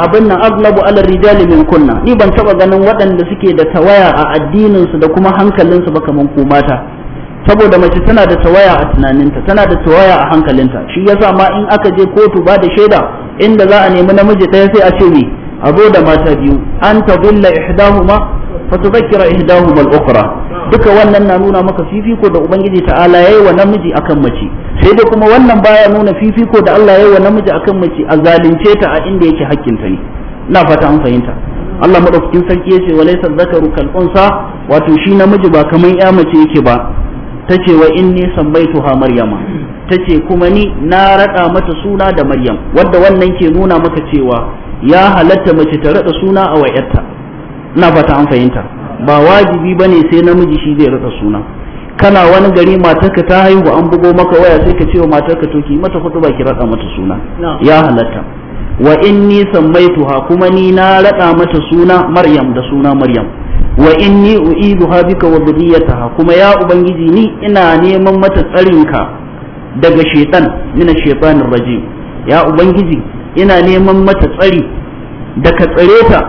abin nan aglabu ala rijali min kunna ni ban taba ganin waɗanda suke da tawaya a addinin su da kuma hankalin su ba kaman ku mata saboda mace tana da tawaya a tunaninta tana da tawaya a hankalinta shi yasa ma in aka je kotu ba da shaida inda za a nemi namiji ɗaya sai a ce me a zo da mata biyu an tadilla ihdahuma fa tudhakkira ihdahuma al-ukhra duka wannan na nuna maka fifiko da ubangiji ta'ala yayi wa namiji akan mace sai dai kuma wannan baya nuna fifiko da Allah yayi wa namiji akan mace a zalunce ta a inda yake hakkin ta ne ina fata an fahimta Allah madaukakin sarki yace wa laysa zakaru kal unsa wato shi namiji ba kaman ya mace yake ba tace wa inni sammaituha maryama tace kuma ni na rada mata suna da maryam wanda wannan ke nuna maka cewa ya halatta mace ta rada suna a wayarta ina fata an fahimta ba wajibi ba ne sai namiji shi zai rasa suna kana wani gari matarka ta haihu an bugo maka waya sai ka ce wa matarka to ki mata hudu ba ki rada mata suna ya halatta wa inni sammaituha kuma ni na rada mata suna maryam da suna maryam wa inni u'iduha bika wa dhurriyyataha kuma ya ubangiji ni ina neman mata tsarinka daga shaytan mina shaytanir rajim ya ubangiji ina neman mata tsari daga tsareta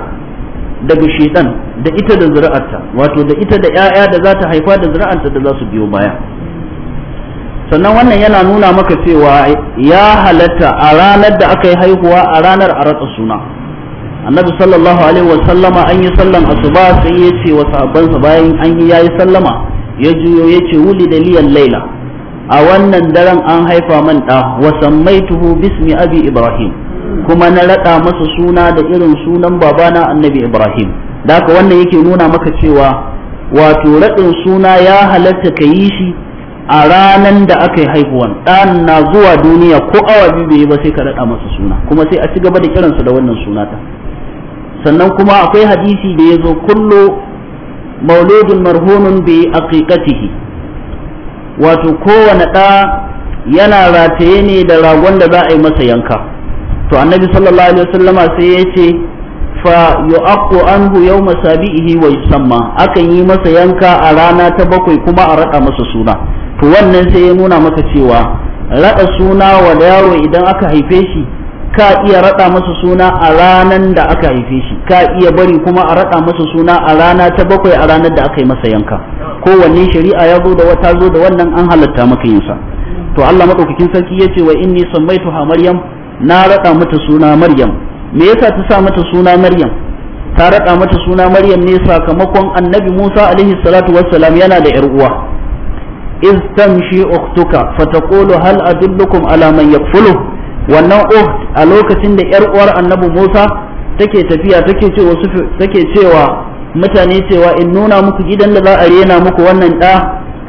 daga shaytan da ita da zuri'arta wato da ita da 'ya'ya da za ta haifa da zuri'arta da za su biyo baya sannan wannan yana nuna maka cewa ya halatta a ranar da aka yi haihuwa a ranar a ratsa suna annabi sallallahu alaihi wa sallama an yi sallan asuba sai ya ce wa sahabbansa bayan an yi yayi sallama ya juyo ya ce wuli da liyan laila a wannan daren an haifa man da wa sammaituhu bismi abi ibrahim kuma na rada masa suna da irin sunan babana annabi ibrahim da haka wannan yake nuna maka cewa wato raɗin suna ya halatta ka yi shi a ranan da aka yi haihuwan ɗan na zuwa duniya ko awa biyu bai ba sai ka raɗa masa suna kuma sai a ci gaba da kiransa da wannan suna ta sannan kuma akwai hadisi da ya zo kullu mauludun marhunun bi aqiqatihi wato kowane ɗa yana rataye ne da ragon da za a yi masa yanka to annabi sallallahu alaihi wasallama sai ya ce fa an anhu yawma sabihi wa yusamma akan yi masa yanka a rana ta bakwai kuma a rada masa suna to wannan sai ya nuna maka cewa rada suna wa yaro idan aka haife shi ka iya rada masa suna a ranan da aka haife shi ka iya bari kuma a rada masa suna a rana ta bakwai a ranar da aka yi masa yanka kowanne shari'a ya zo da wata zo da wannan an halatta maka yin sa to Allah madaukakin sarki yace wa inni sammaituha maryam na raɗa mata suna maryam me yasa ta sa mata suna maryam ta raɗa mata suna maryam ne sakamakon annabi musa alaihi salatu wassalam yana da yar uwa iz tamshi ukhtuka fataqulu hal adullukum ala man yakfulu wannan ukht a lokacin da yar uwar annabi musa take tafiya take cewa take cewa mutane cewa in nuna muku gidan da za a rena muku wannan da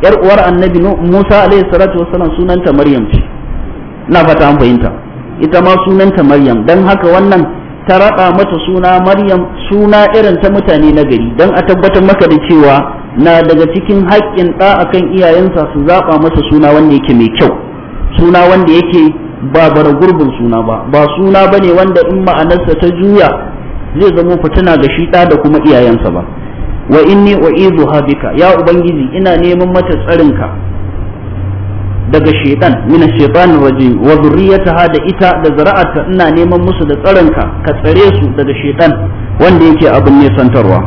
yar uwar annabi musa alaihi salatu wassalam sunanta maryam ce na fata an fahimta ita ma sunanta maryam don haka wannan ta raɗa mata suna maryam suna irin ta mutane na gari don a tabbatar maka da cewa na daga cikin haƙƙin ɗa akan iyayensa su zaɓa masa suna wanda yake mai kyau suna wanda yake ba bara gurbin suna ba ba suna ba ne wanda in ma'anarsa ta juya zai zama fitina ga shi ɗa da kuma iyayensa ba wa inni wa izu ya ubangiji ina neman mata tsarinka daga shaitan min shaitan waje, wa zurriyataha da ita da zara'arta ina neman musu da tsaronka ka tsare su daga shaitan wanda yake abin nesantarwa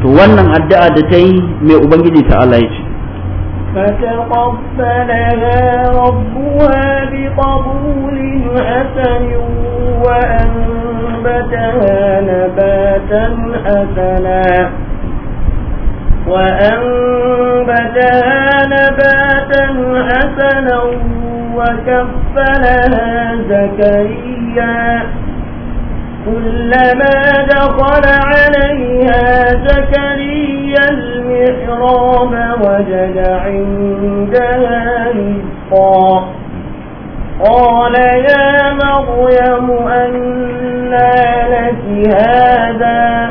to wannan addu'a da ta yi mai ubangiji ta Allah ya ce فتقبلها ربها بقبول حسن وأنبتها نباتا حسنا وأنبتها نباتا حسنا وكفلها زكريا كلما دخل عليها زكريا المحراب وجد عندها رزقا قال يا مريم أنى لك هذا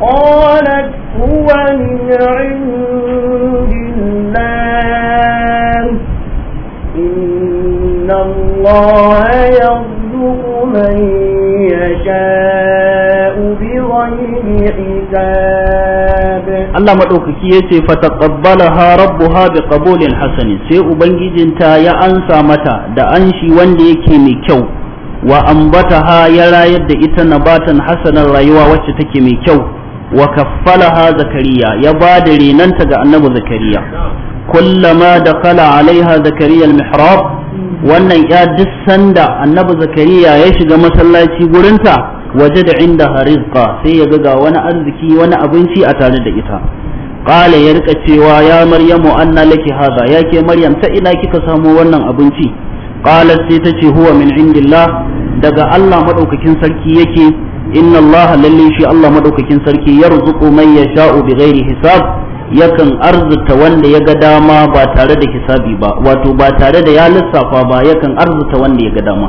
قالت هو من عند الله الله يرزق من يشاء بغير حساب الله مدوكي yace fataqabbalaha rabbuha biqabulin hasani sai ubangijinta ya ansa mata da anshi wanda yake mai kyau wa ambataha ya rayar da ita nabatan hasanan rayuwa wacce take mai kyau wa kaffalaha zakariya ya ba da renanta ga annabi zakariya kullama kala alaiha zakariya al-mihrab wannan ya duk sanda annabi zakariya ya shiga masallaci gurinta waje da inda harizqa sai ya ga wani arziki wani abinci a tare da ita qala ya rika cewa ya maryamu anna laki hadha ya ke maryam ta ina kika samu wannan abinci qalat sai ta ce huwa min indillah daga Allah madaukakin sarki yake inna Allah lalle shi Allah madaukakin sarki yarzuqu man yasha'u bighairi hisab yakan arzuta wanda ya ga dama ba tare da hisabi ba wato ba tare da ya lissafa ba yakan arzuta wanda ya ga dama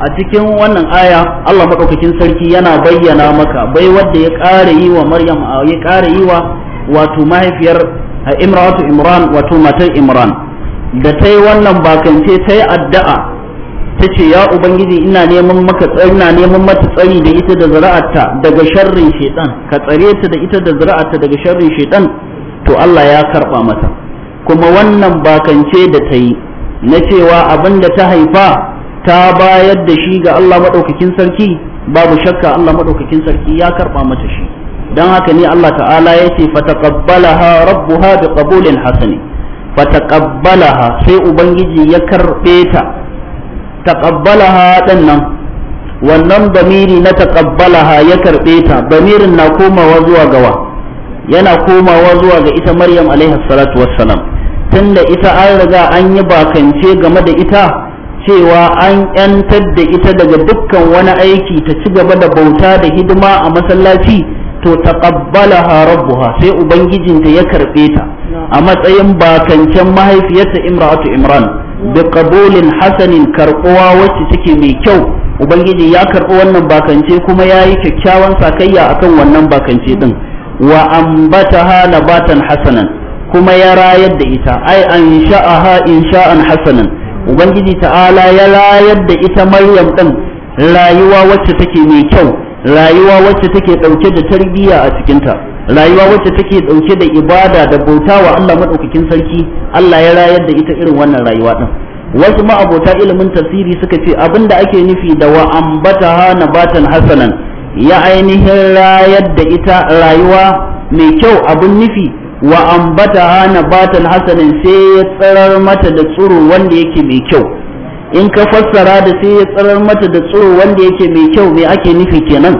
a cikin wannan aya Allah maɗaukakin sarki yana bayyana maka bai wadda ya ƙara yi wa Maryam a ya ƙara yi wa wato mahaifiyar Imratu Imran wato matar Imran da ta yi wannan bakance ta yi addu'a ta ce ya ubangiji ina neman maka ina neman mata tsari da ita da zuri'arta daga sharrin shaitan ka tsare ta da ita da zuri'arta daga sharrin shaitan to Allah ya karɓa mata kuma wannan bakance da ta yi na cewa abin da ta haifa ta bayar da shi ga Allah maɗaukakin sarki babu shakka Allah maɗaukakin sarki ya karɓa mata shi don haka ne Allah ta'ala ya ce fataqabbalaha rabbuha bi qabulin hasani fataqabbalaha sai ubangiji ya karɓe ta taqabbalaha dan nan wannan bamiri na taqabbalaha ya karɓe ta bamirin na komawa zuwa gawa yana komawa zuwa ga ita maryam alaihi salatu wassalam tunda ita an riga an yi bakance game da ita cewa an yantar da ita daga dukkan wani aiki ta ci gaba da bauta da hidima a masallaci to taqabbalaha rabbuha sai ubangijinta ya karbe ta a matsayin bakancen mahaifiyarta imra'atu imran bi qabulin hasanin karbuwa wacce take mai kyau ubangiji ya karbi wannan bakance kuma yayi kyakkyawan sakayya akan wannan bakance din wa ambataha nabatan hasanan kuma ya rayar da ita ai an sha'aha insha'an hasanan ubangiji ta'ala ya rayar da ita maryam din rayuwa wacce take mai kyau rayuwa wacce take dauke da tarbiyya a cikinta rayuwa wacce take dauke da ibada da bauta wa Allah madaukakin sarki Allah ya rayar da ita irin wannan rayuwa din wasu ma'abota ilimin tasiri suka ce abinda ake nufi da wa ambataha nabatan hasanan ya ainihin rayar da ita rayuwa mai kyau abun nufi wa ambata hana batan hasanin sai ya tsirar mata da tsoro wanda yake mai kyau in ka fassara da sai ya tsirar mata da tsoro wanda yake mai kyau mai ake nufi kenan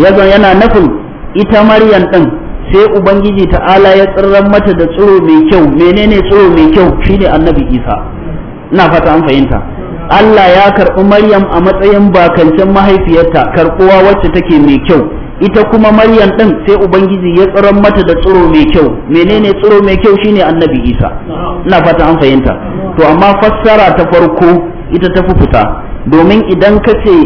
yazan yana nufin ita maryam din sai ubangiji ta'ala ya tsirar mata da tsoro mai kyau menene tsoro mai kyau shine annabi isa ina fata an fahimta Allah ya karɓi Maryam a matsayin bakancin mahaifiyarta karɓuwa wacce take mai kyau ita kuma Maryam ɗin sai Ubangiji ya tsiron mata da tsiro mai kyau menene tsiro mai kyau shine Annabi Isa ina fata an fahimta to amma fassara ta farko ita ta fufuta domin idan ka ce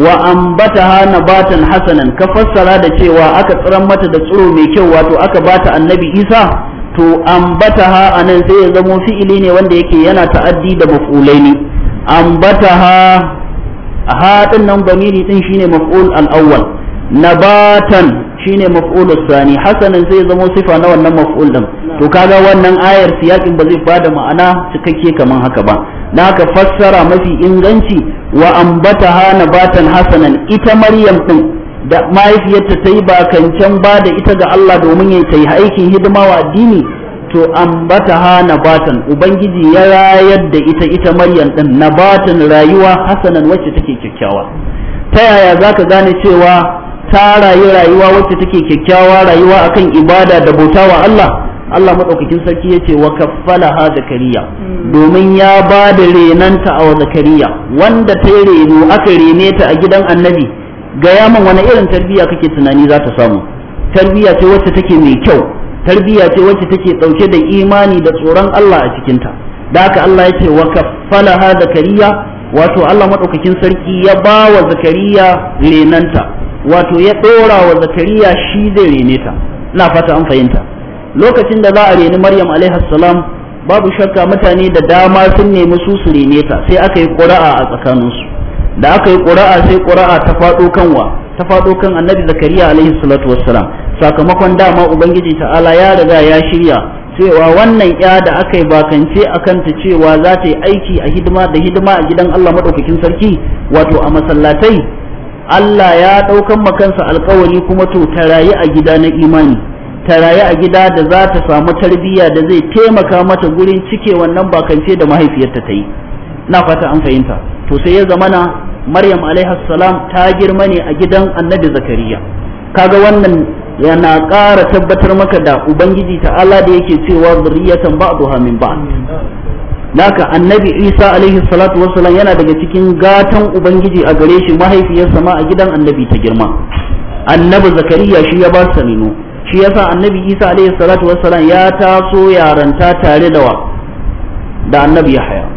wa ambataha batan hasanan ka fassara da cewa aka tsiron mata da tsiro mai kyau wato aka bata Annabi Isa to ambataha anan sai ya zamo fi'ili ne wanda yake yana ta'addi da maf'ulaini ambataha ha din nan bamiri din shine maf'ul al-awwal nabatan shine maf'ulus sani hasanan zai zama sifa na wannan maf'ul din to kaga wannan ayar siyakin ba zai bada ma'ana cikakke kaman haka ba na ka fassara mafi inganci wa ambataha nabatan hasanan ita maryam din da mahaifiyarta ta yi kancan ba da ita ga Allah domin ya yi aikin hidima wa addini to ambata ha nabatan ubangiji ya rayar da ita ita maryam din nabatan rayuwa hasanan wacce take kyakkyawa ta yaya zaka gane cewa ta rayu rayuwa wacce take kyakkyawa rayuwa akan ibada da bautawa Allah Allah madaukakin sarki yace wa ha zakariya mm. domin ya ba da renanta a zakariya wanda ta reno aka rene ta a gidan annabi ga yaman wani irin tarbiya kake tunani za ta samu tarbiya ce wacce take mai kyau tarbiyya ce wacce take dauke da imani da tsoron Allah a cikinta da haka Allah ya ce wa kaffalaha zakariya wato Allah maɗaukakin sarki ya ba wa zakariya renanta wato ya ɗora wa zakariya shi zai rene ta ina fata an fahimta lokacin da za a reni Maryam alaihi salam babu shakka mutane da dama sun nemi su su rene ta sai aka yi ƙura'a a tsakaninsu da aka yi ƙura'a sai ƙura'a ta faɗo ta faɗo kan annabi zakariya alaihi salatu wassalam sakamakon dama ubangiji ta'ala ya riga ya shirya cewa wannan ya da aka yi bakance a kanta cewa za ta yi aiki a hidima da hidima a gidan Allah maɗaukakin sarki wato a masallatai Allah ya ɗaukan makansa alkawari kuma to ta rayu a gida na imani ta rayu a gida da za ta samu tarbiyya da zai taimaka mata gurin cike wannan bakance da mahaifiyarta ta yi na fata an fahimta to sai ya zamana maryam alaihi salam ta girma ne a gidan annabi zakariya kaga wannan yana ƙara tabbatar maka da ubangiji ta Allah da yake cewa zuriyatan ba'dha min ba'd laka annabi isa alaihi salatu wassalam yana daga cikin gatan ubangiji a gare shi mahaifiyarsa ma a gidan annabi ta girma annabi zakariya shi ya ba su saminu shi yasa annabi isa alaihi salatu wassalam ya taso yaranta tare da wa da annabi yahaya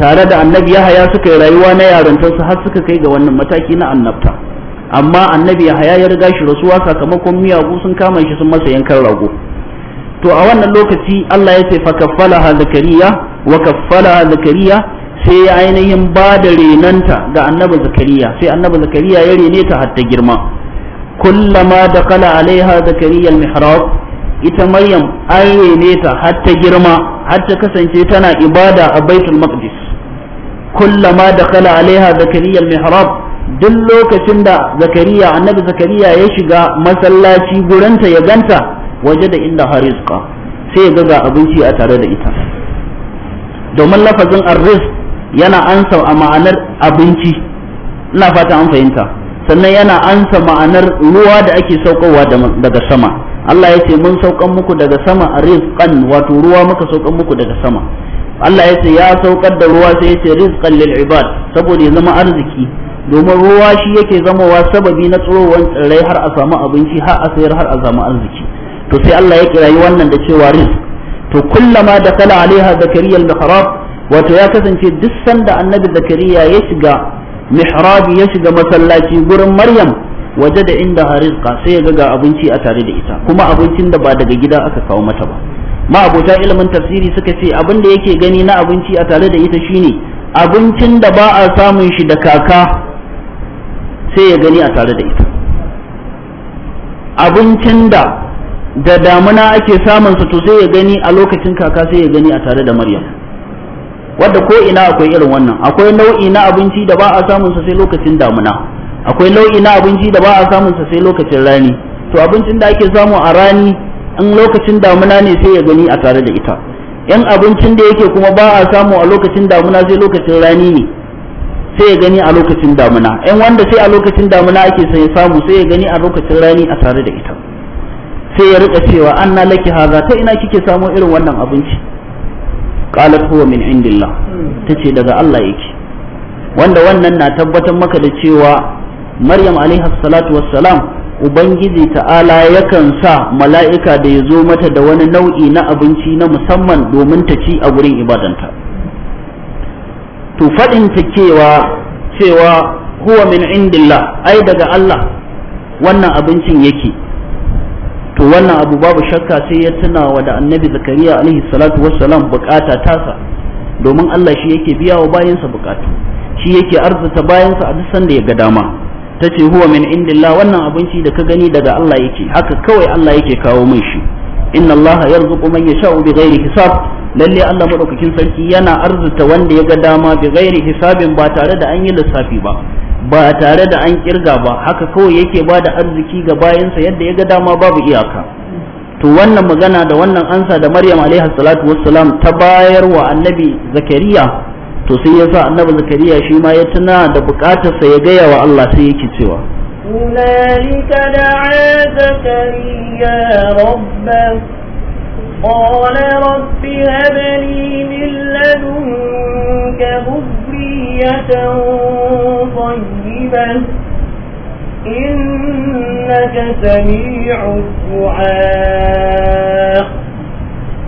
tare da annabi yahaya suka yi rayuwa na yarantarsa har suka kai ga wannan mataki na annabta amma annabi Yahaya ya riga shi rasuwa sakamakon miyagu sun kama shi sun masa yankan rago to a wannan lokaci Allah ya ce fa kaffalaha zakariya wa kaffalaha zakariya sai ya ainihin ba da renanta ga annabi zakariya sai annabi zakariya ya rene ta har ta girma kullama kala alaiha zakariya almihrab ita maryam an rene ta har ta girma har ta kasance tana ibada a baitul maqdis kullama kala alaiha zakariya almihrab duk lokacin da zakariya annabi zakariya ya shiga masallaci guranta ya ganta waje da inda harizqa sai ga ga abinci a tare da ita domin lafazin arris yana ansa a ma'anar abinci ina fata an fahimta sannan yana ansa ma'anar ruwa da ake saukowa daga sama Allah ya ce mun saukan muku daga sama rizqan wato ruwa muka saukan muku daga sama Allah ya ce ya saukar da ruwa sai ya ce rizqan lil ibad saboda ya zama arziki domin ruwa shi yake zamowa sababi na tsorowar tsirrai har a samu abinci har a sayar har a samu arziki to sai Allah ya kirayi wannan da cewa rizq to kullama da kala alaiha zakariya al-mihrab wato ya kasance duk sanda annabi zakariya ya shiga mihrabi ya shiga masallaci gurin maryam waje da inda harizqa sai ya ga ga abinci a tare da ita kuma abincin da ba daga gida aka kawo mata ba ma abota ilimin tafsiri suka ce abin da yake gani na abinci a tare da ita shine abincin da ba a samun shi da kaka sai ya gani a tare da ita abincin da da damuna ake samun su to sai ya gani a lokacin kaka sai ya gani a tare da maryam wadda ko ina akwai irin wannan akwai nau'i na abinci da ba a samun sa sai lokacin damuna akwai nau'i na abinci da ba a samun sa sai lokacin rani to abincin da ake samu a rani in lokacin damuna ne sai ya gani a tare da ita yan abincin da yake kuma ba a samu a lokacin damuna sai lokacin rani ne sai ya gani a lokacin damuna yan wanda sai a lokacin damuna ake sai samu sai ya gani a lokacin rani a tare da ita sai ya rika cewa an anna laki haza ta ina kike samo irin wannan abinci qalat huwa min indillah tace daga Allah yake wanda wannan na tabbatar maka da cewa Maryam alaiha salatu wassalam Ubangiji ta'ala yakan sa mala'ika da ya zo mata da wani nau'i na abinci na musamman domin ta ci a gurin ibadanta. to faɗin ta cewa cewa huwa min indillah ai daga Allah wannan abincin yake to wannan abu babu shakka sai ya tuna wa da annabi zakariya alaihi salatu wassalam bukata tasa domin Allah shi yake biya wa bayansa bukatu shi yake arzuta bayansa a duk sanda ya ga dama tace ce huwa min indillah wannan abinci da ka gani daga Allah yake haka kawai Allah yake kawo min shi inna allaha ya sha yasha'u bighairi hisab lalle Allah madaukakin sarki yana arzika wanda ya ga dama bighairi hisabin ba tare da an yi lissafi ba ba tare da an kirga ba haka kawai yake ba da arziki ga bayansa yadda ya ga dama babu iyaka to wannan magana da wannan ansa da maryam alaihi salatu ta bayar wa annabi zakariya to sai ya sa annabi zakariya shima ya tuna da bukatarsa ya gaya wa Allah sai yake cewa هنالك دعا زكريا ربه قال رب هب لي من لدنك ذرية طيبة إنك سميع الدعاء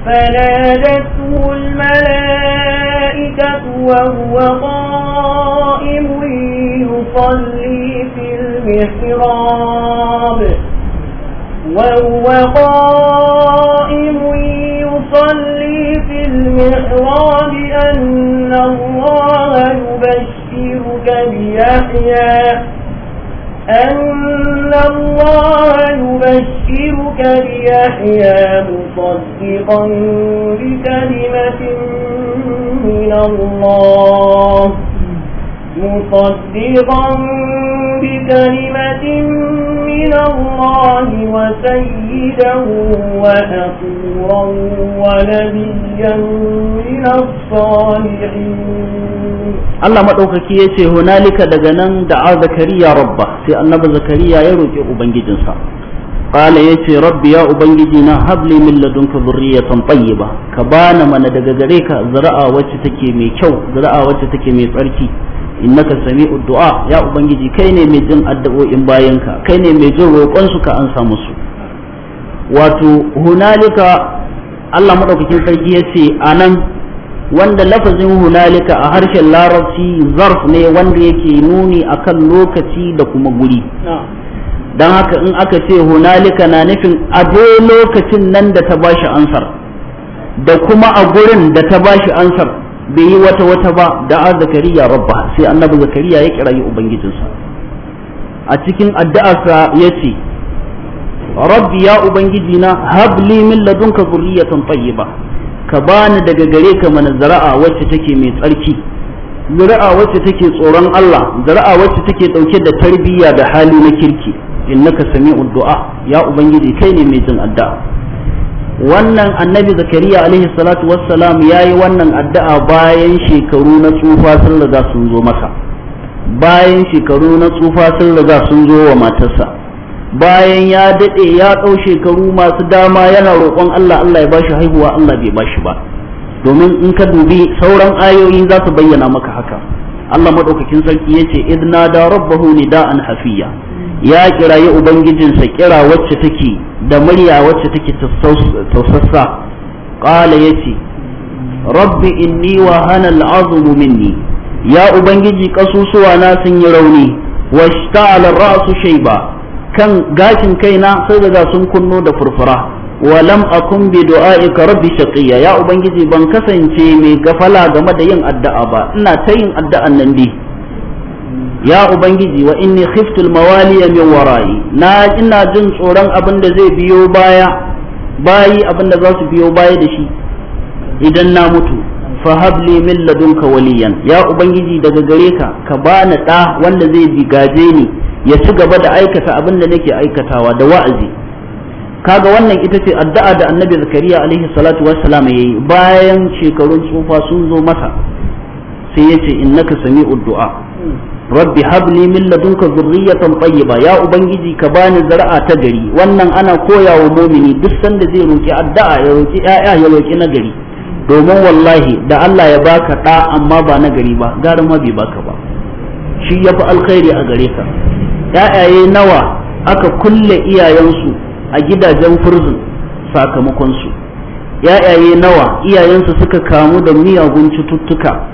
فنادته الملائكة وهو قال قائم يصلي في المحراب وهو قائم يصلي في المحراب أن الله يبشرك بيحيى أن الله يبشرك بيحيى مصدقا بكلمة من الله مصدقا بكلمة من الله وسيدا وأسورا ونبيا من الصالحين الله ما ya ce hunalika daga nan da'a zakariya rabba sai annabi zakariya ya roƙi ubangijinsa ya yace rabbi ya ubangiji na habli min ladunka dhurriyatan tayyiba ka bana mana daga gare ka zara'a wacce take mai kyau zara'a wacce take mai tsarki innaka sami'ud du'a ya ubangiji kai ne mai jin addu'o'in bayanka kai ne mai jin roƙon su ka ansa musu wato hunalika Allah madaukakin sarki ya ce anan wanda lafazin hunalika a harshen larabci zarf ne wanda yake nuni akan lokaci da kuma guri dan haka in aka ce hunalika na nufin a lokacin nan da ta bashi ansar da kuma a gurin da ta bashi ansar bai yi wata wata ba da a zakariya rabba sai annabi zakariya ya kirayi ubangijinsa a cikin addu'arsa ya ce rabbi ya ubangijina habli min ladunka zurriyatan tayyiba ka bani daga gare ka mana zara'a wacce take mai tsarki zara'a wacce take tsoron Allah zara'a wacce take dauke da tarbiyya da hali na kirki innaka sami'ud du'a ya ubangiji kai ne mai jin addu'a wannan annabi zakariya alaihi salatu wassalam ya yi wannan addu'a bayan shekaru na tsufa sun riga sun zo maka bayan shekaru na tsufa sun riga sun zo wa matarsa bayan ya daɗe ya ɗau shekaru masu dama yana roƙon Allah Allah ya bashi haihuwa Allah bai bashi ba domin in ka dubi sauran ayoyi za su bayyana maka haka Allah maɗaukakin sarki ya ce idna da rabbahu nida'an hafiya ya kirayi ubangijinsa kira wacce take da murya wacce take tausassa qala yace rabbi inni wa hana al'azmu minni ya ubangiji kasusuwa na sun yi rauni washta'ala ra'su shayba kan gashin kaina sai daga sun kunno da furfura wa lam akun bi du'a'ika rabbi shaqiya ya ubangiji ban kasance mai gafala game da yin addu'a ba ina ta yin addu'an nan dai ya ubangiji wa inni khiftul mawaliya min wara'i na ina jin tsoron abin da zai biyo baya bayi abin da za su biyo baya da shi idan na mutu fa habli min ladunka waliyan ya ubangiji daga gare ka ka bani da wanda zai gaje ni ya ci gaba da aikata abin da nake aikatawa da wa'azi kaga wannan ita ce addu'a da annabi zakariya alaihi salatu wassalam yayi bayan shekarun tsufa sun zo masa sai yace innaka sami'ud du'a rabbi habli min ladunka zurriyatan tayyiba ya ubangiji ka bani zar'a ta gari wannan ana koya wa mumini duk sanda zai roki addu'a ya roki ya'ya ya roki na gari domin wallahi da Allah ya baka da amma ba na gari ba garin ma bai baka ba shi yafi alkhairi a gare ka ya'yaye nawa aka kulle iyayensu a gidajen furzin sakamakon su ya'yaye nawa iyayensu suka kamu da miyagun cututtuka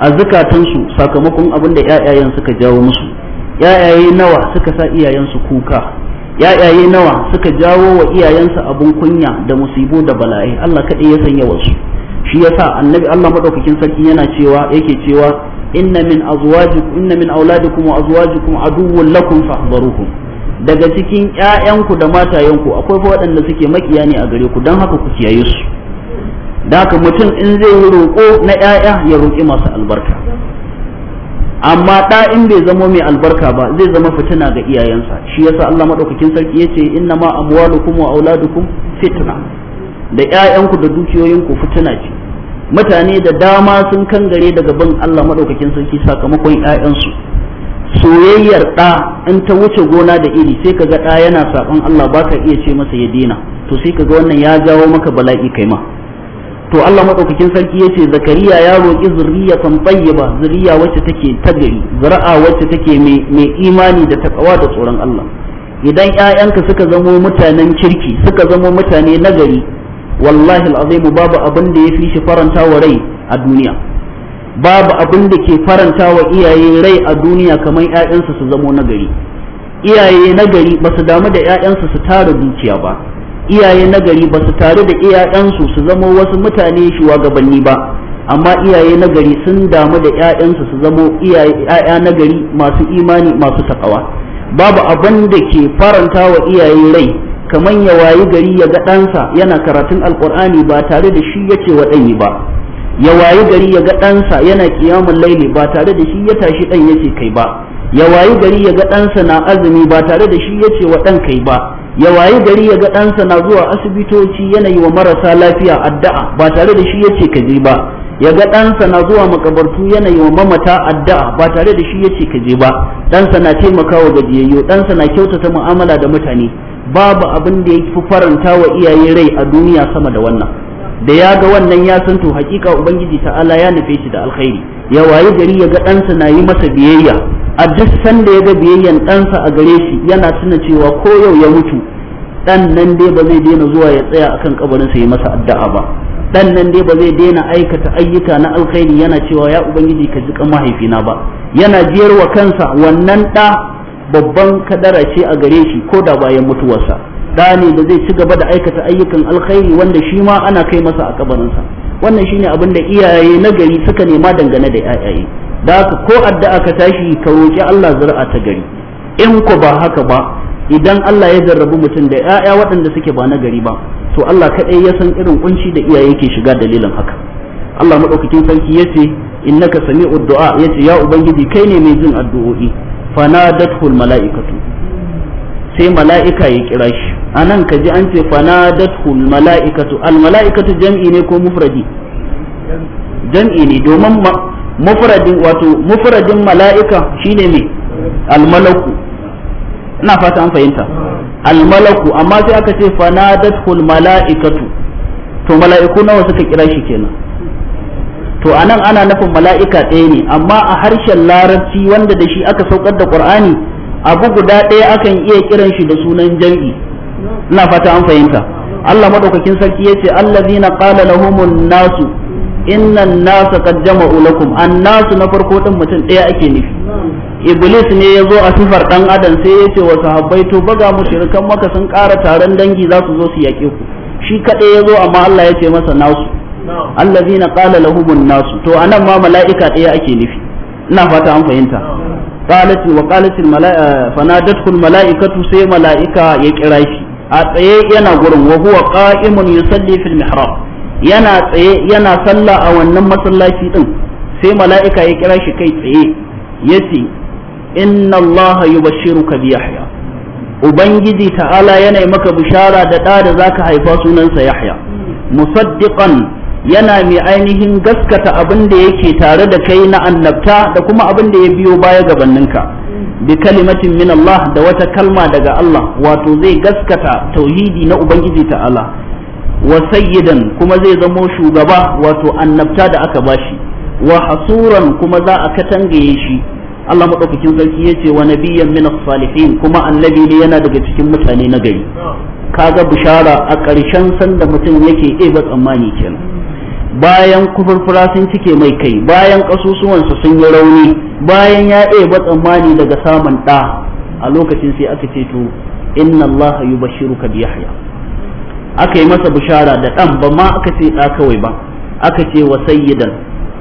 a zukatunsu sakamakon abin da 'ya'yayen suka jawo musu ‘ya’yaye nawa suka sa iyayensu kuka yayaye nawa suka jawo wa iyayensu abun kunya da musibu da bala'i Allah kaɗai ya sanya wasu shi yasa annabi Allah madaukakin sarki yana cewa yake cewa inna min azwajikum inna min auladikum wa azwajikum aduwwun lakum fahdharuhum daga cikin 'ya'yanku da matayenku akwai waɗanda suke makiya ne a gare ku don haka ku kiyaye su da mutum in zai yi roƙo na 'ya'ya ya roƙi masu albarka amma ɗa in bai zama mai albarka ba zai zama fitina ga iyayensa shi yasa Allah maɗaukakin sarki yace inna ma amwalukum wa auladukum fitna da ƴaƴanku da dukiyoyinku fitina ce mutane da dama sun kangare daga bin Allah maɗaukakin sarki sakamakon ƴaƴansu soyayyar ɗa in ta wuce gona da iri sai ka ga ɗa yana saɓan Allah ba ka iya ce masa ya dina to sai ka ga wannan ya jawo maka bala'i kai ma to Allah madaukakin sarki yace zakariya ya roki zurriyatan tayyiba zuriya wacce take ta gari zuri'a wacce take mai imani da takawa da tsoron Allah idan ƴaƴanka suka zamo mutanen kirki suka zamo mutane nagari wallahi alazim babu abin da yafi shi faranta wa rai a duniya babu abin da ke faranta wa iyaye rai a duniya kamar ƴaƴansu su zamo nagari iyaye nagari ba su damu da ƴaƴansu su tara dukiya ba iyaye nagari ba su tare da iyayensu su zama wasu mutane shugabanni ba amma iyaye nagari sun damu da 'ya'yansu su zama iyaye nagari masu imani masu takawa babu abin da ke faranta wa iyaye rai kamar ya wayi gari ya ga ɗansa yana karatun alkur'ani ba tare da shi yace wa ɗanyi ba ya wayi gari ya ga ɗansa yana kiyamun laili ba tare da shi ya tashi ɗan yace kai ba ya wayi gari ya ga ɗansa na azumi ba tare da shi yace wa ɗan kai ba ya waye gari ya ga ɗansa na zuwa asibitoci yanayi wa marasa lafiya addu'a ba tare da shi yace ka je ba ya ga ɗansa na zuwa makabartu yanayi wa mamata addu'a ba tare da shi yace ka je ba ɗansa na taimakawa gajiyayyo ɗansa na kyautata mu'amala da mutane babu abin da ya fi faranta wa iyaye rai a duniya sama da wannan da ya ga wannan ya san to hakika ubangiji ta'ala ya nufe shi da alkhairi ya waye gari ya ga ɗansa na yi masa biyayya a duk sanda ya ga biyayyan ɗansa a gare shi yana tuna cewa ko yau ya mutu ɗan nan dai ba zai daina zuwa ya tsaya akan kabarinsa ya masa addu'a ba ɗan nan dai ba zai daina aikata ayyuka na alkhairi yana cewa ya ubangiji ka ji kan mahaifina ba yana jiyar wa kansa wannan ɗa babban kadara ce a gare shi ko da bayan mutuwarsa ɗa ne da zai ci gaba da aikata ayyukan alkhairi wanda shi ma ana kai masa a kabarinsa wannan shine abin da iyaye nagari suka nema dangane da 'ya'yaye da haka ko addu'a ka tashi ka roƙi Allah zuri'a ta gari in ku ba haka ba idan Allah ya jarrabu mutum da ƴaƴa waɗanda suke ba na gari ba to Allah kaɗai ya san irin kunci da iyaye ke shiga dalilin haka Allah madaukakin sarki yace innaka sami'ud du'a yace ya ubangiji kai ne mai jin addu'o'i fanadatul mala'ikatu sai mala'ika ya kira shi anan ka ji an ce fanadatul mala'ikatu al mala'ikatu jam'i ne ko mufradi jam'i ne domin mufradin wato mufradin mala'ika shine mai almalaku ina fata an fahimta almalaku amma sai aka ce fanadatul mala'ikatu to mala'iku nawa suka kira shi kenan to anan ana nufin mala'ika ɗaya ne amma a harshen larabci wanda da shi aka saukar da ƙur'ani abu guda ɗaya akan iya kiran shi da sunan jam'i ina fata an fahimta Allah madaukakin sarki yace allazina qala lahumun nasu innan nasu qad jama'u lakum annasu na farko din mutum ɗaya ake nufi iblis ne ya zo a sifar dan adam sai ya ce wa sahabbai to baga mushrikan maka sun ƙara taron dangi za su zo su yaƙe ku shi kaɗai ya zo amma Allah ya ce masa nasu allazina qala lahumun nasu to anan ma mala'ika daya ake nufi ina fata an fahimta wa qalat al mala'ika eh, mala'ikatu sai mala'ika ya kira shi a tsaye yana gurin wa huwa qa'imun yusalli mihrab yana tsaye yana sallah a wannan masallaci din sai mala'ika ya kira shi kai tsaye yace inna allaha yubashshiruka bi yahya ubangiji ta'ala yana maka bishara da da da zaka haifa sunansa yahya musaddiqan yana mai ainihin gaskata abin da yake tare da kai na annabta da kuma abin da ya biyo baya gabaninka bi kalimatin min Allah da wata kalma daga Allah wato zai gaskata tauhidi na ubangiji ta'ala wa sayyidan kuma zai zamo shugaba wato annabta da aka bashi wa hasuran kuma za a katangaye shi Allah madaukakin sarki yace wa nabiyyan min salihin kuma annabi ne yana daga cikin mutane na gari kaga bishara a ƙarshen sanda mutum yake eba tsammani kenan bayan kufurfura sun cike mai kai bayan kasusuwansa sun yi rauni bayan ya ba tsammani daga samun ɗa a lokacin sai aka ce to inna Allah yubashiruka bi yahya aka yi masa bishara da ɗan ba ma aka ce ɗa kawai ba aka ce wa sayyidan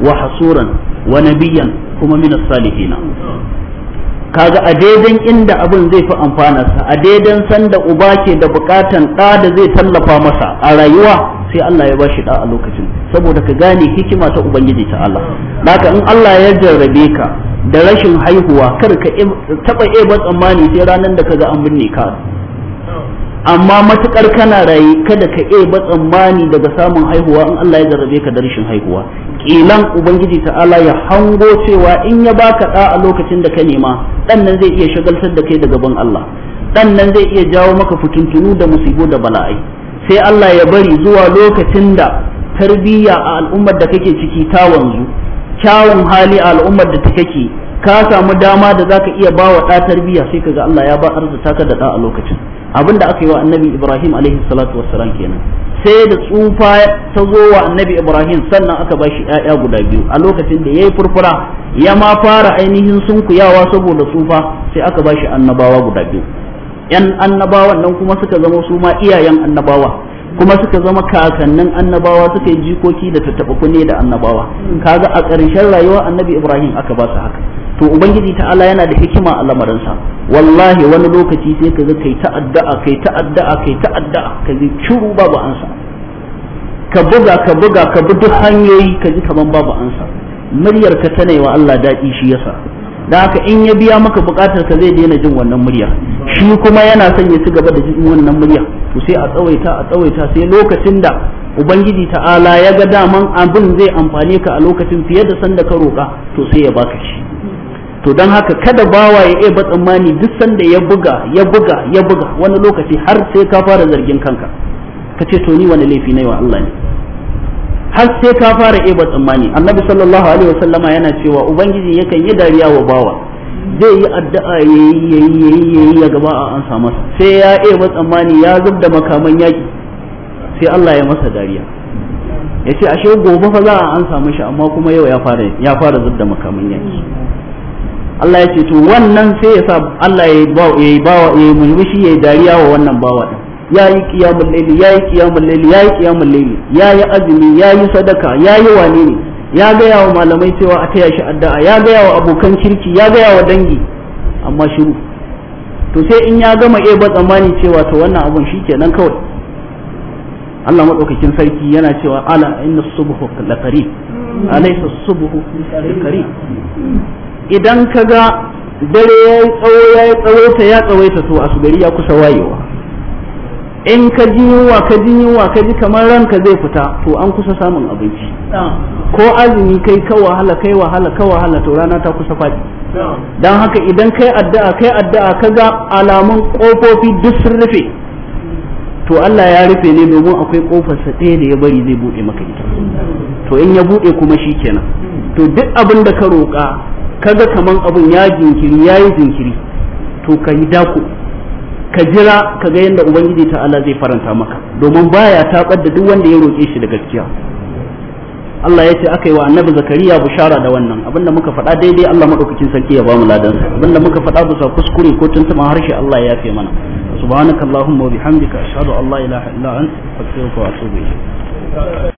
wa hasuran wa nabiyan kuma min salihina kaga a daidan inda abin zai fi amfana sa a daidan sanda uba ke da bukatan ɗa da zai tallafa masa a rayuwa sai Allah ya ba shi ɗa a lokacin saboda ka gane hikima ta ubangiji ta Allah daga in Allah ya jarrabe ka da rashin haihuwa kar ka taɓa eba tsammani sai ranar da ka kaga an binne ka amma matukar kana raye kada ka iya ba tsammani daga samun haihuwa in Allah ya jarrabe ka da rashin haihuwa kilan ubangiji ta'ala ya hango cewa in ya baka da a lokacin da ka nema dan nan zai iya shagaltar da kai daga ban Allah dan nan zai iya jawo maka fitintunu da musibo da bala'ai sai Allah ya bari zuwa lokacin da tarbiyya a al'ummar da kake ciki ta wanzu kyawun hali a al'ummar da kake ka samu dama da zaka iya ba wa ɗa tarbiyya sai kaga Allah ya ba arzuta ka da da a lokacin da aka yi wa annabi ibrahim alaihi salatu wassalam kenan sai da tsufa ta zo wa annabi ibrahim sannan aka ba shi ya'ya guda biyu a lokacin da yayi furfura ya ma fara ainihin sunkuyawa saboda tsufa sai aka ba shi annabawa guda biyu yan annabawan nan kuma suka zama su ma iyayen annabawa kuma suka zama kakannin annabawa suka yi jikoki da tattaɓa kunne da annabawa kaga a ƙarshen rayuwa annabi ibrahim aka ba su haka to ubangiji ta'ala yana da hikima a lamarinsa wallahi wani lokaci sai ka ga kai ta'adda'a kai ta'adda'a kai ta'adda'a ka ji shiru babu ansa ka buga ka buga ka bi duk hanyoyi ka ji kaman babu ansa muryar ka ta wa Allah daɗi shi yasa da haka in ya biya maka buƙatar ka zai daina jin wannan murya shi kuma yana son ya ci gaba da jin wannan murya to sai a tsawaita a tsawaita sai lokacin da ubangiji ta'ala ya ga daman abin zai amfane ka a lokacin fiye da sanda ka roƙa to sai ya baka shi to don haka kada bawa ya iya tsammani duk sanda ya buga ya buga ya buga wani lokaci har sai ka fara zargin kanka ka ce to ni wani laifi na yi wa Allah ne har sai ka fara iya tsammani annabi sallallahu alaihi wasallama yana cewa ubangiji yakan yi dariya wa bawa zai yi addu'a ya yayi yayi yayi ya gaba a an samu sai ya iya tsammani ya zubda makaman yaki sai Allah ya masa dariya ya ce ashe gobe fa za a an samu shi amma kuma yau ya fara ya fara zubda makaman yaki Allah ya ce to wannan sai ya sa Allah ya yi ya ba wa ya yi dariya wa wannan bawa din yayi yi qiyamul layli ya yi qiyamul layli ya qiyamul layli ya yi azumi ya sadaka yayi yi ne ya gaya wa malamai cewa a taya shi addu'a ya gaya wa abokan kirki ya gaya wa dangi amma shiru to sai in ya gama eh ba tsammani cewa to wannan abun shikenan kawai Allah madaukakin sarki yana cewa ala inna subhu laqarib hmm. alaysa subhu laqarib idan ka ga dare ya yi tsawo ya yi tsawaita ya tsawaita to a gari ya kusa wayewa in ka ji yunwa ka ji yunwa ka ji kamar ranka zai fita to an kusa samun abinci ko azumi kai ka wahala kai wahala ka wahala to rana ta kusa faɗi don haka idan kai addu'a kai addu'a ka ga alamun ƙofofi duk sun rufe to Allah ya rufe ne domin akwai kofar sa ɗaya da ya bari zai buɗe maka ita to in ya buɗe kuma shikenan to duk abin da ka roƙa kaga kaman abun ya jinkiri ya yi jinkiri to ka yi dako ka jira ka ga yadda ubangiji ta'ala zai faranta maka domin baya ta da duk wanda ya roƙe shi da gaskiya Allah ya ce aka yi wa annabi zakariya bushara da wannan abinda muka faɗa daidai Allah madaukakin sarki ya bamu ladan abinda muka faɗa bisa kuskure ko tuntuma harshe Allah ya yafe mana subhanakallahumma wa bihamdika ashhadu an la ilaha illa anta astaghfiruka wa atubu ilayk